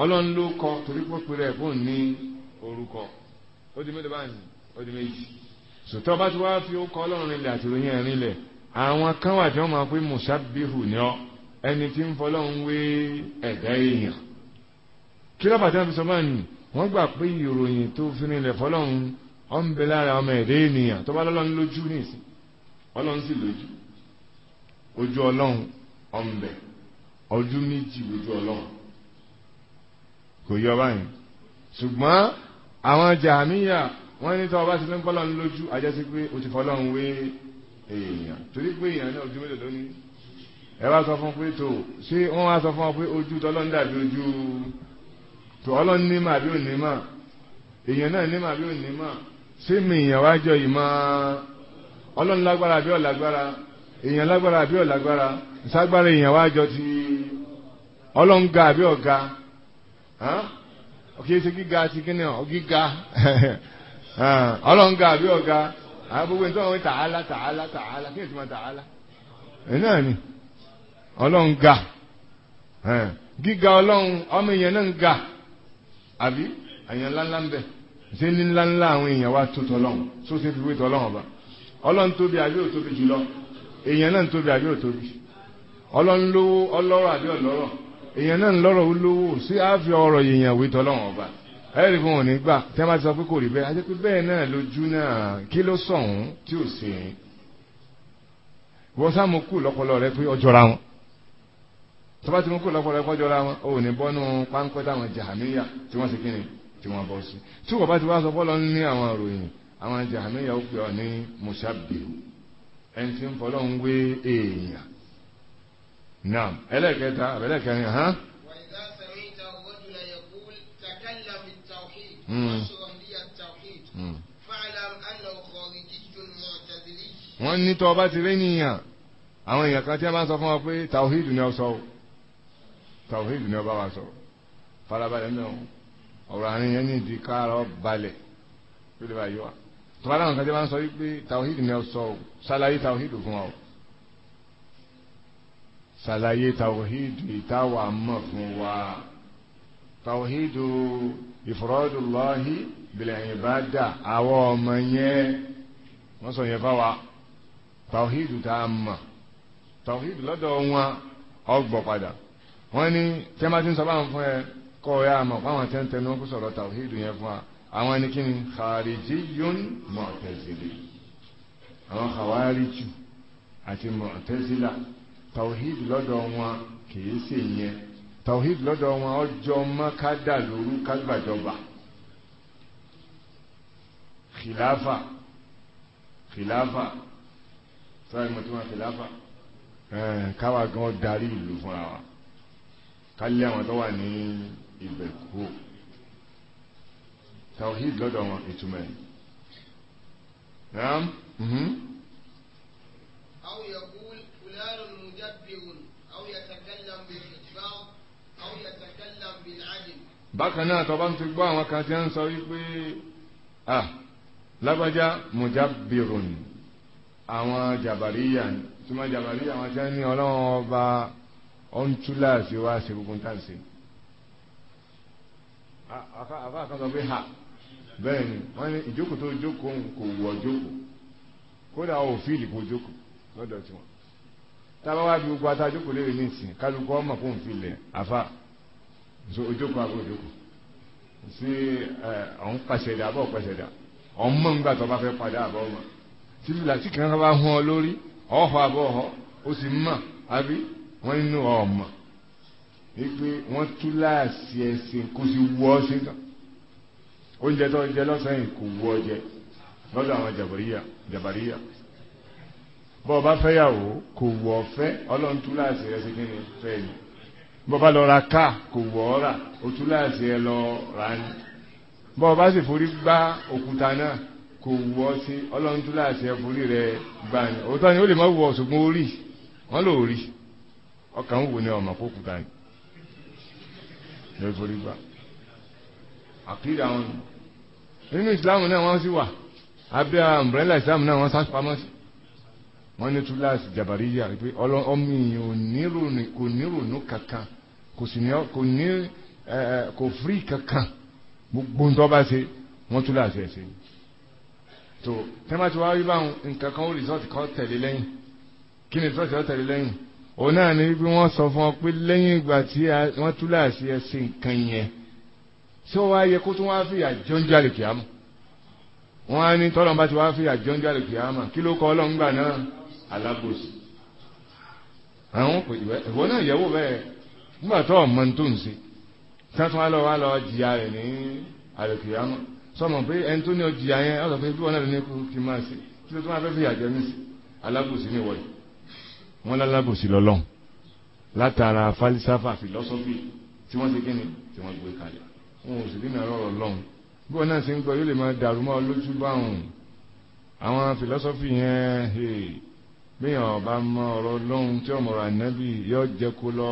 ọlọ́run ló kọ torí pọ́ pé rẹ̀ pé òun ní orúkọ ó di mélòó báyìí ó di méjì sòtọ́ bá ti wá fi ó kọ ọlọ́run nílẹ̀ àti ìròyìn ẹ̀rin lẹ̀ àwọn kan wà tí wọ́n máa pé mùsàbíhù ni ọ ẹni tí ń fọlọ́run wé ẹ̀dá èèyàn kí lọ́bàtà fi sọ bá nì wọ́n gbà pé ìròyìn tó fi rinlẹ̀ fọlọ́run ọ̀n bẹ lára ọmọ ẹ̀dẹ́ ènìyàn tó bá lọ́lọ́run lójú nìsín ọlọ́run sì lójú ojú ọlọ́run ọ̀n bẹ ojú méjì lójú ọlọ́run kò yọ báyìí ṣùgbọ́n àwọn jàmíyà wọ́n ní tọ́wọ́ bá ti fẹ́ fọlọ́run lójú àjẹsí pé o ti fọlọ́run wé èèyàn torí pé èèyàn náà ojú mélòó lónìí ẹ wá sọ fún pé tó ṣé wọ́n wá sọ fún ọ pé ojú tọ́lọ́ ń dàbí ojú tò ọlọ ní mà bí ò ní mà èèyàn náà ní mà bí ò ní mà ṣé mi èèyàn wá jọ ìmọ̀ ọlọ́run lágbára bí ọ̀lágbára èèyàn lágbára bí èèyàn wá jọ ti ọlọ́run ga ọ̀ga ṣe gíga ti kíni gíga ga ọ̀ga àwọn gbogbo ìtọ́ tààlà tààlà tààlà kí tààlà ẹ̀ náà ni ọlọ́run ga gíga àbí àyàn ńláńlá ń bẹ̀ ṣé ní ńláńlá àwọn èèyàn wá tó tọ́lọ́hún tó ṣe fi wé tọ́lọ́hún ọba ọlọ́run tóbi àbí ò tóbi jùlọ èèyàn náà tóbi àbí ò tóbi ọlọ́run lówó ọlọ́rọ̀ àbí ọlọ́rọ̀ èèyàn náà lọ́rọ̀ ó lówó sí àfi ọ̀rọ̀ èèyàn wé tọ́lọ́hún ọba ẹ̀rí fún òní gbà tẹ́ máa ti sọ pé kò rí bẹ́ẹ̀ á pé bẹ́ẹ̀ náà lójú náà kí ló sọ̀hún tí ò sí wọ́n sá mo kú lọ́pọlọ rẹ pé ọjọ́ra wọn tọ́ba ti mú kó lọ́pọ̀lọpọ̀ jọra wọn ò ní bọ́nú páńpẹ́ táwọn jàmíyà tí wọ́n ti kí ni tí wọ́n bọ́ sí tí wọ́n bá ti wá sọ fọ́lọ́ ní àwọn ìròyìn àwọn jàmíyà ó pè ọ ní mushabbihu ẹni tí ń fọlọ́ ń wé èèyàn naam ẹlẹ́kẹta àbẹ̀lẹ́kẹrin hàn. Hmm. Hmm. wọ́n ní tọ́ ọba ti rẹ́ nìyàn àwọn èèyàn kan tí a máa sọ fún wa pé tawhid ni ọ sọ tawhid ni ọba wa sọ̀rọ̀ farabalẹ̀ náà ọ̀rọ̀ àárín yẹn ní ìdí káàrọ̀ balẹ̀ tó lè bá yọ wa tọ́ba náà nǹkan tí wọ́n sọ wípé tawhid ni ọ sọ o ṣàlàyé tawhid fún wa o ṣàlàyé tawhid ìtawà mọ̀ fún wa tawhid ìfọ̀rọ̀dùlọ́hì bìlẹ̀ ìbádà àwọn ọmọ yẹn wọ́n sọ yẹn fáwa tawhid tá a mọ̀ tawhid lọ́dọ̀ wọn ọgbọ̀ padà wọ́n ní tí wọ́n bá ti ń sọ báwọn fún ẹ kọ́ ọ yá àmọ̀ fáwọn tí wọ́n tẹnu wọn kó sọ̀rọ̀ tàwíìdù yẹn fún wa àwọn ẹni kí ni kharijiyyun mu'tazili àwọn khawariju àti mu'tazila tàwíìdù lọ́dọ̀ wọn kìí ṣe yẹn tàwíìdù lọ́dọ̀ wọn ọjọ́ mọ́kádà lóru kágbàjọba khilafa khilafa sọ́yìn mo tún wá khilafa káwa gan darí ìlú fúnra wa kálẹ̀ àwọn tó wà ní ibẹ̀ kúrò tawhid lọ́dọ̀ wọn ìtumẹ̀ naam mhm aw yaqul fulanun mujabbirun aw yatakallam bil ijbar aw yatakallam bil adl bákan náà tó bá ń ti gbọ́ àwọn kan tí ń sọ wípé ah lágbájá mujabbirun àwọn jàbàríyà tí wọ́n jàbàríyà wọn tí wọ́n ní ọlọ́run ọba Eh, on tú láàṣì wá ṣe gbogbo nǹkan ha bẹ́ẹ̀ ni wọ́n ní ìjókòó tó jókòó kò wọ̀ jókòó kódà ò fíìlì kò jókòó lọ́dọ̀ tiwọn tábà wá bí gbogbo atajókòó léèrè ní ìsìn kálukú ọmọ kò ń filẹ̀ afa so ojókòó si ojókòó sí ọ̀n abo àbọ̀ pàṣẹdà on mọ̀ nígbà tó bá fẹ́ padà àbọ̀ ọmọ kan o si mma abi. wọ́n nínú ọ̀mà wípé wọ́n tú láàsì ẹ̀sìn kò sí wú ọ sí tán oúnjẹ tó jẹ lọ́sàn yìí kò wú ọ jẹ lọ́dọ̀ àwọn jàbàríyà bọ́ ọba fẹ́yàwó kò wú ọ fẹ́ ọlọ́run tú láàsì ẹ̀sìn kí ni fẹ́ ni bọ́ ọba lọ ra ká kò wú ọ rà ó tú láàsì ẹ lọ rà ni bọ́ ọba sì forí gbá òkúta náà kò wú ọ sí ọlọ́run tú láàsì ẹ forí rẹ gbà ni òótọ́ ni ó lè má wú ọ ṣùgbọ́n ó rì wọ́n lò ó rì ọkàn ń wò ní ọmọ kó kúta ní lórí gbà àkídà wọn nínú ìsìláàmù náà wọ́n sì wà abẹ́ àmbrẹ́là ìsìláàmù náà wọ́n sápamọ́ sí wọ́n ní túláàsì jàbàríyà pé ọmọ èèyàn kò nírònú kankan kò sì ní kò ní kò fírí kankan gbogbo ń tọ́ba ṣe wọ́n túláàsì ẹ̀ ṣe tó tẹ́mátì wá rí báwọn nǹkan kan ó rìsọ́ọ̀tì kan tẹ̀lé lẹ́yìn kí ni rìsọ́ọ̀tì kan tẹ̀lé lẹ́yìn òun náà ni wípé wọ́n sọ fún ọ pé lẹ́yìn ìgbà tí wọ́n tú láàṣì ẹsẹ̀ nǹkan yẹn ṣé wọ́n á yẹ kó tún wá fìyà jọ́njú àlèkìyàmù wọ́n á ní tọ́lọ́n bá ti wá fìyà jọ́njú àlèkìyàmù kí ló kọ́ ọlọ́run gbà náà alábòsí. àwọn kò jù bẹ́ẹ̀ ìwọ náà yẹ̀wò bẹ́ẹ̀ nígbà tó ọmọ tó ń ṣe sátún alọ́ wa lọ jìyà rẹ̀ ní àlèkìyàmù sọmọ pé ẹni tó ní ọjìyà yẹn ọ̀sọ̀ wọ́n lálábòsí lọ́lọ́n látara falisafa philosophy tí wọ́n ṣe kí ni tí wọ́n gbé kalẹ̀ wọn ò sì rí nàá rọrọ̀ lọ́hùn bí wọn náà ṣe ń gbọ́ yóò lè máa dàrú mọ́ lójú báwọn àwọn philosophy yẹn bíyàn ọba mọ ọ̀rọ̀ lọ́hùn tí ọmọọ̀rọ̀ ànábì yóò jẹ kó lọ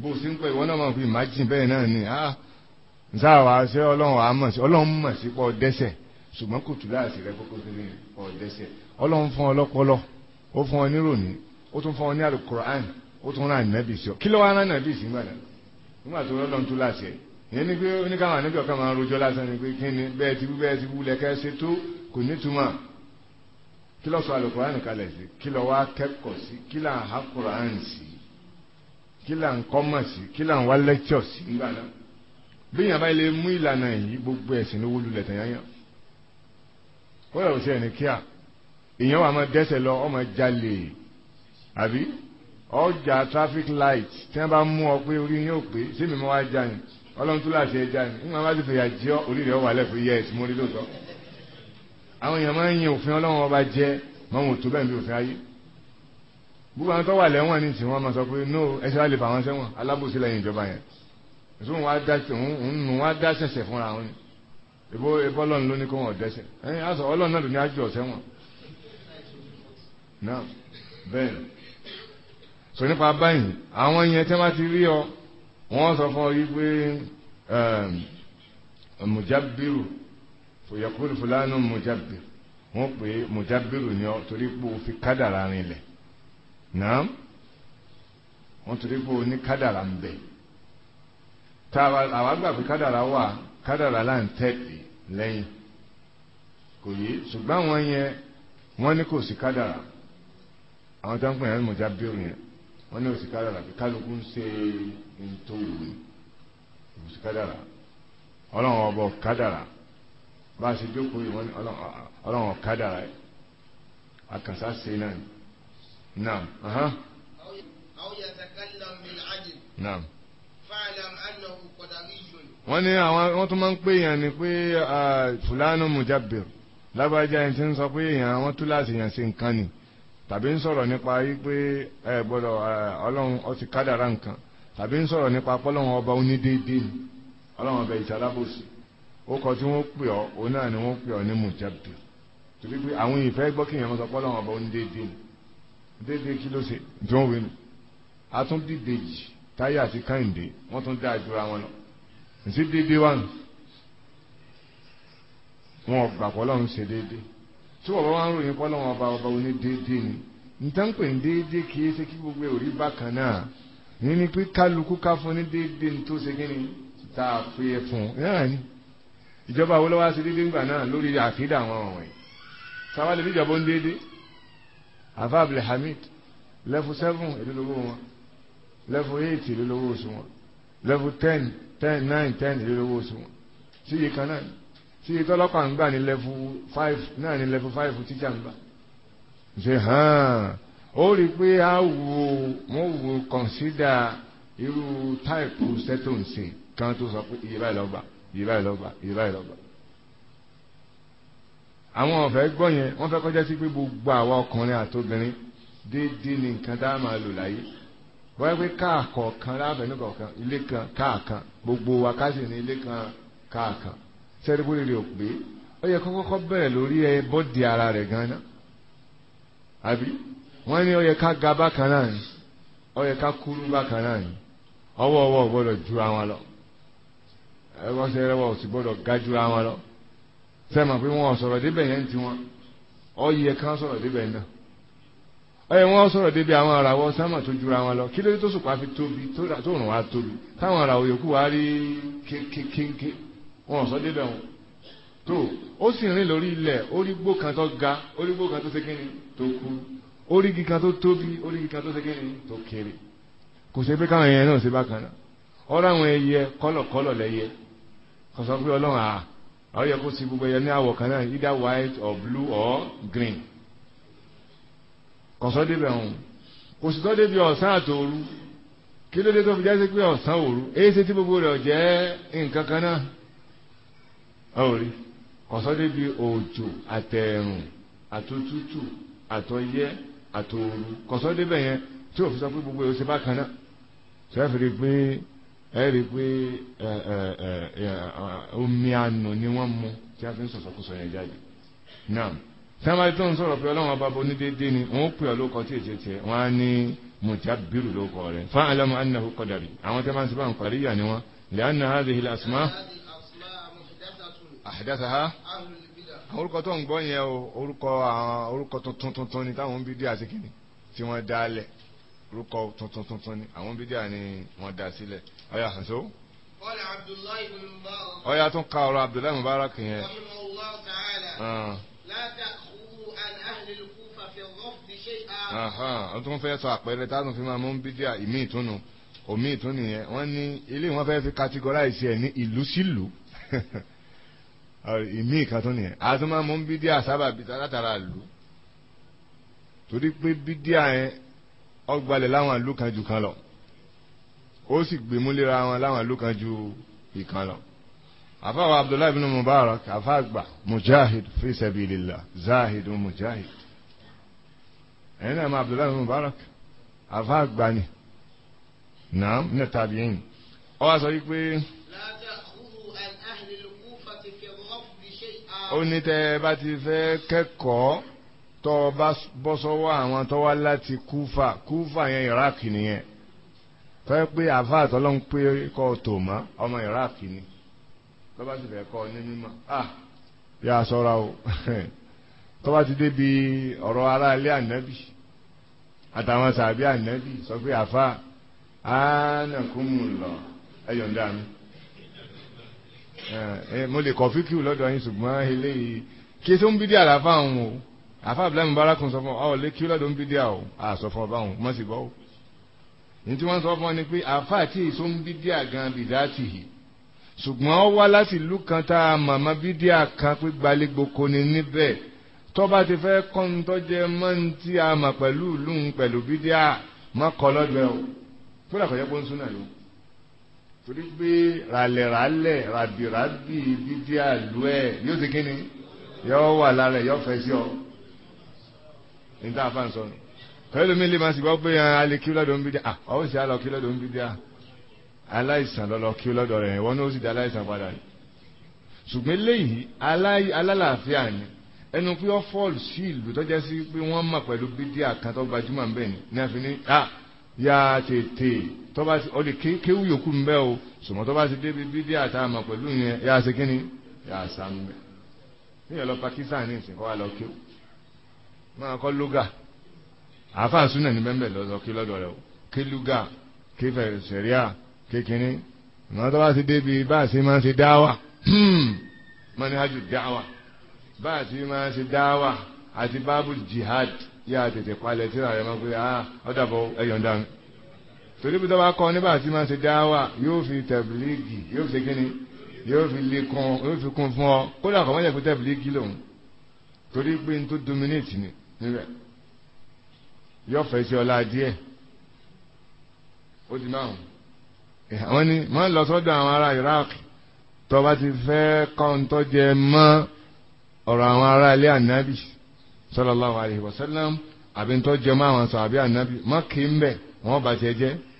bó sì ń pẹ́ ìwọ náà máa fi imagine bẹ́ẹ̀ náà ni ah nsáwà ṣé ọlọ́run wàá mọ̀ sí ọlọ́run mọ̀ sí pọ̀ dẹ́sẹ̀ ṣùgbọ́n kò tù láàṣì rẹ kókó tó ní pọ̀ dẹ́sẹ̀ fún ọlọ́pọlọ ó fún ọ ní ròní ó tún fún ọ ní alukur'an ó tún rán ànábì sí ọ kí ló wá rán ànábì sí gbàdá nígbà tó lọ́dọ̀ ń tú láṣẹ ìyẹn ni pé oníkàwọn ànábì ọ̀kan máa rojọ́ lásán ni pé kí ni bẹ́ẹ̀ ti wú bẹ́ẹ̀ ti wú lẹ́kẹ́ ṣe tó kò ní túmọ̀ kí ló sọ alukur'an kalẹ̀ sí kí ló wá kẹ́kọ̀ọ́ sí kí là ń ha kur'an sí kí là ń kọ́mọ̀ sí kí là ń wá lẹ́kṣọ̀ sí gbàdá bí yàrá ilé mú ìlànà yìí gbogbo ẹ̀sìn ló wó lulẹ̀ tẹ̀yán yàn kó èèyàn wà máa dẹ́sẹ̀ lọ ọmọ jalè àbí ọjà traffic light tí wọ́n bá mú ọ pé orí yóò pé sẹ́mi mọ́ wá já ni ọlọ́run tó láti ẹja ni nígbà wọ́n ti fẹ̀yà jẹ́ orí rẹ̀ wà lẹ́fọ̀ yẹ ẹ̀sìn mórí lóòótọ́ àwọn èèyàn máa ń yin òfin ọlọ́run ọba jẹ́ wọn ò tó bẹ́ẹ̀ bí òfin ayé gbogbo àwọn tó wà lẹ́wọ̀n ní tí wọ́n máa sọ pé no ẹsẹ̀ wá lè fà wọ́n sẹ́wọ̀n alábòsí lẹ́yìn ìjọba yẹn èso wọn wá dá sẹ̀sẹ̀ fúnra wọn ni ìbọ́ ọlọ́run ló ní kó wọn dẹ́sẹ̀ ẹ̀yìn á sọ ọlọ́run náà ló ní á ọ̀sẹ̀ wọn náà bẹ́ẹ̀ sọ nípa báyìí àwọn yẹn tẹ́ bá ti rí ọ wọ́n sọ fún ọ yí pé ehm, mujabiru fòyàkúrò fúlánù mujabiru wọ́n pè é mujabiru ni ọ torí pé o fi kádàrà rinlẹ̀ náà wọ́n torí pé o ní kádàrà ń bẹ tá àwa gbà pé kádàrà wà kádàrà là ń lẹ́yìn kò yé ṣùgbọ́n àwọn yẹn wọ́n ní kò sí kádàrà àwọn tó ń pè ní mọ̀já bí òyìn wọ́n ní òsì kádàrà pé kálukú ń ṣe ń tó wù òsì kádàrà ọlọ́run ọbọ̀ kádàrà bá a ṣe jókòó yìí wọ́n ní ọlọ́run kádàrà ẹ̀ àkàṣà ṣe náà naam naam wọ́n ní àwọn wọ́n tún máa ń pè yàn ni pé fulanu mujabir lábàjá ẹni tí ń sọ pé èèyàn àwọn túláàsì yàn ṣe nǹkan ni tàbí ń sọ̀rọ̀ nípa wípé ẹ gbọ́dọ̀ ọlọ́run ó ti kádàrá nǹkan tàbí ń sọ̀rọ̀ nípa pọ́lọ́run ọba onídéédé ni ọlọ́run ọba ìtàlábòsì ó kọ tí wọ́n pè ọ́ òun náà ni wọ́n pè ọ́ ní mùjáde torí pé àwọn ìfẹ́ gbọ́ kí èèyàn sọ pọ́lọ́run ọba onídéédé ni déédé kí ló ṣe tí wọ́n wí nu atúndìdè yìí táyé àti kẹ́hìndé wọ́n tún dá àjọra wọn lọ ǹsí wà nù wọn ò gbà ṣe déédé tí wọ́n bá wá ń ròyìn pọ́lọ́ wọn ọba ọba oní déédéé ni níta ń pè ní déédéé kì ṣe kí gbogbo ẹ̀ ò rí náà ní ni pé kálukú ká fún ní déédéé ní tó ṣe kí ni tá a pè é fún náà ni ìjọba wo ló wá sí déédéé ńgbà náà lórí àkídà àwọn ọ̀wẹ̀ sáwá lè níjọba ń déédéé afa abdulhamid lẹ́fù seven èlò lówó wọn lẹ́fù eight èlò lówó oṣù wọn lẹ́fù ten ten nine ten èlò lówó oṣù wọn kan náà tí tọ́lọ́pàá ń gbà ní level five náà ní level five tíjà ń gbà ṣe hàn ó rí i pé a wo wọ́n wo consider irú táìpù sẹ́tọ̀nsìn kan tó sọ pé iye báyìí lọ́gbà iye báyìí lọ́gbà iye báyìí lọ́gbà àwọn ọ̀fẹ́ gbọ́ yẹn wọ́n fẹ́ kọjá sí pé gbogbo àwa ọkùnrin àtobìnrin déédéé ni nǹkan tá a máa lò láyé bóyá pé káàkọ̀ọ̀kan lábẹ́nú kọ̀ọ̀kan ilé kan káàkan gbogbo wa ká sì ní ilé kan káàkan sẹ́dúbúrì rẹ̀ ò pé ó yẹ kọ́kọ́kọ́ bẹ̀rẹ̀ lórí ẹ bọ́dì ara rẹ̀ gan-an àbí wọ́n ní ó yẹ ká ga bákan náà ni ó yẹ ká kúrú bákan náà ni ọwọ́ ọwọ́ ò gbọ́dọ̀ ju àwọn lọ ẹwọ́n sẹ́ ẹwọ́ ò sì gbọ́dọ̀ ga ju àwọn lọ sẹ́mọ̀ pé wọ́n sọ̀rọ̀ débẹ̀ yẹn ti wọn ó yẹ ká sọ̀rọ̀ débẹ̀ náà ó yẹ wọ́n sọ̀rọ̀ débi àwọn àràwọ̀ sámà tó ju àwọn lọ kí lóyún tó sùpà fi tóbi tó rùn wá tóbi táwọn àràwọ̀ yòókù wá rí kéńkéńkéńké wọn sọ débẹ̀ wọn tó ó sì rìn lórí ilẹ̀ orígbó kan tó ga orígbó kan tó ṣe kíni tó kú orígi kan tó tóbi orígi kan tó ṣe kíni tó kéré kò ṣe pé káwọn ẹyẹ náà ṣe bákan náà ọ̀rọ̀ àwọn ẹyẹ kọ́lọ̀kọ́lọ̀ lẹ́yẹ kò sọ pé ọlọ́run àá àwọn yẹ kó sì gbogbo ẹyẹ ní àwọ̀ kan náà either white or blue or green kò sọ débẹ̀ wọn kò sì tọ́ débi ọ̀sán àtòru kí ló dé tó fi jásí pé ọ̀sán òru èyí ṣe tí gbogbo rẹ̀ jẹ́ nǹkan kan náà ọ̀rí kọ̀sọ́dé bíi òjò àtẹ̀ẹ̀rùn àtòtútù àtọ̀yẹ́ àtòòru kọ̀sọ́dé bẹ̀ yẹn tí òfin sọ pé gbogbo èèyàn ṣe bá kan náà sẹ́fìrí pé ẹ rí i pé omi àná ni wọ́n mu tí a fi ń sọ̀sọ̀kùsọ̀ yẹn jáde náà sẹ́wájú tó ń sọ̀rọ̀ pé ọlọ́run ọba bo ní déédéé ni wọ́n pè ọ́ lóko tí èjì tiẹ̀ wọ́n á ní mùjábírù lóko rẹ̀ fáwọn alámù annahu qadari àwọn tẹ́ máa ń sọ àdásáhá orúkọ tó ń gbọ́ yẹn o orúkọ àwọn orúkọ tuntun tuntun ni táwọn ń bí díà sí kìíní tí wọ́n dá lẹ̀ orúkọ tuntun tuntun ni àwọn ń bí díà ni wọ́n dá sílẹ̀ ọ̀yà àǹsó. ọ̀yà tún ka ọ̀rọ̀ Abdullahi Mubarak yẹn. Ah. ó tún fẹ́ sọ àpẹẹrẹ táwọn fi máa mú bí díà ìmí ìtúnu omi ìtúnu yẹn wọ́n ní ilé wọn fẹ́ fi categorize ẹ̀ ní ìlú sílùú. ìmí ìkàtún nìyẹn àti máa mú bídíà sábà bìtà látara ìlú torí pé bídíà yẹn ọgbalẹ̀ láwọn ìlú kan jù kan lọ ó sì gbèmúlera wọn láwọn ìlú kan ju ìkan lọ àfáwọn abdullahi bin mubarak àfáàgbà mujahid fi sabilillah zahid mujahid ẹ̀yin náà mọ abdullahi bin mubarak àfáàgbà ni naam ní tàbí yẹn ó wá sọ yìí pé. ó ní tẹ́ ẹ bá ti fẹ́ kẹ́kọ̀ọ́ tọ́ ọ bá bọ́ sọ́wọ́ àwọn tó wá láti kúfà kúfà yẹn Iraq nìyẹn fẹ́ pé àfa àtọ́lọ́n pé kọ́ tò mọ́ ọmọ Iraq ni tó bá sì fẹ́ kọ́ ní mímọ́ ah yà á sọ́ra o tó bá ti débi ọ̀rọ̀ ará ilé ànábì àtàwọn sàbí ànábì sọ pé àfa àánàkùnmù lọ ẹ̀yọ̀ ń mi. Eh, eh, mo lè kọ̀ fíkì lọ́dọ̀ yín ṣùgbọ́n eléyìí kí tó ń bí dí àlàáfà òun o àfa abdullahi mubarakun sọ fún ọ ọ lè kí lọ́dọ̀ ń bí dí àwọn àṣọ fún ọba òun mọ̀ bọ́ o ní tí wọ́n sọ fún ọ ni pé àfa àti èso ń bí dí àgan bìdáàtì yìí ṣùgbọ́n ó wá láti ìlú kan tá a màmá bídíà kan pé gbalẹ́gboko ni níbẹ̀ tọ́ba ti fẹ́ kọ́ńtọ́jẹ́ mọ́ ní tí a mọ̀ pẹ̀lú ìlú pẹ̀lú bídíà mọ́ kọ́ lọ́dọ̀ ẹ̀ o kó làkọ̀jẹ́ pé ń sún náà yòó torí pé ràlẹ̀ràlẹ̀ ràbìràbì dídí àlú ẹ̀ yóò ti kíni yóò wà lára ẹ̀ yóò fẹ́ sí ọ ní tá a fà ń sọ nù pẹ̀lú mi lè máa sì gbọ́ pé ah, a lè kí lọ́dọ̀ ń bí díà ọ̀hún sì á lọ kí lọ́dọ̀ ń bí díà aláìsàn lọ́lọ́ kí lọ́dọ̀ rẹ̀ wọ́n ní ó sì di aláìsàn padà yìí ṣùgbọ́n eléyìí alálàáfíà ni ẹnu pé ó fọ́ọ̀lù sí ìlú tó jẹ́ sí pé wọ́n mọ̀ pẹ̀lú bídíà kan tó gbajúmọ̀ ń bẹ̀ ni ní àfi ní ah, yá tètè tọ́ba ti ọ̀lẹ̀ kéwù yòókù ń bẹ́ o sọ̀mọ́ tọ́ba ti débi bídí àtàmọ̀ pẹ̀lú yẹn yà á ṣe kínní yà á sá ń bẹ̀. níyẹn lọ Pakistan ní ìsìn kọ́ wa lọ kéwù máa kọ́ lóga àáfàá súnà ní bẹ́ẹ̀ bẹ́ẹ̀ lọ́dọ̀ kí lọ́dọ̀ rẹ̀ o ké lóga ké fẹ̀rẹ̀ sẹ̀ríà ké kínní sọ̀mọ́ tọ́ba ti débi bá a ṣe máa ṣe dáwà hmm. manhaju dáwà bá a ṣe máa ṣe dáwà àti báàbù jihad yà á tètè palẹ̀ tíra rẹ̀ máa gbé ah ọ̀dàbọ̀ ẹ̀yọ̀ ń dáhùn torí bí tọ́ba kọ́ nígbà tí máa ṣe dáwà yóò fi tẹ̀bílíìgì yóò fi kíni yóò fi lè kún yóò fi kún fún ọ kódà kọ́ mọ́jà pé tẹ̀bílíìgì lòun torí pé n tó dominate ni níbẹ̀ yóò fẹ́ sí ọlá díẹ̀ ó ti náà àwọn ni máa lọ sọ́dọ̀ àwọn ará Iraq tọ́ba ti fẹ́ kọ́ńtọ́ jẹ mọ́ ọ̀rọ̀ àwọn ará ilé ànábì sallallahu alaihi wasallam àbí ń tọ́jọ́ mọ́ àwọn sàbí ànábì má kí ń bẹ̀ wọ́n bàtẹ́ jẹ́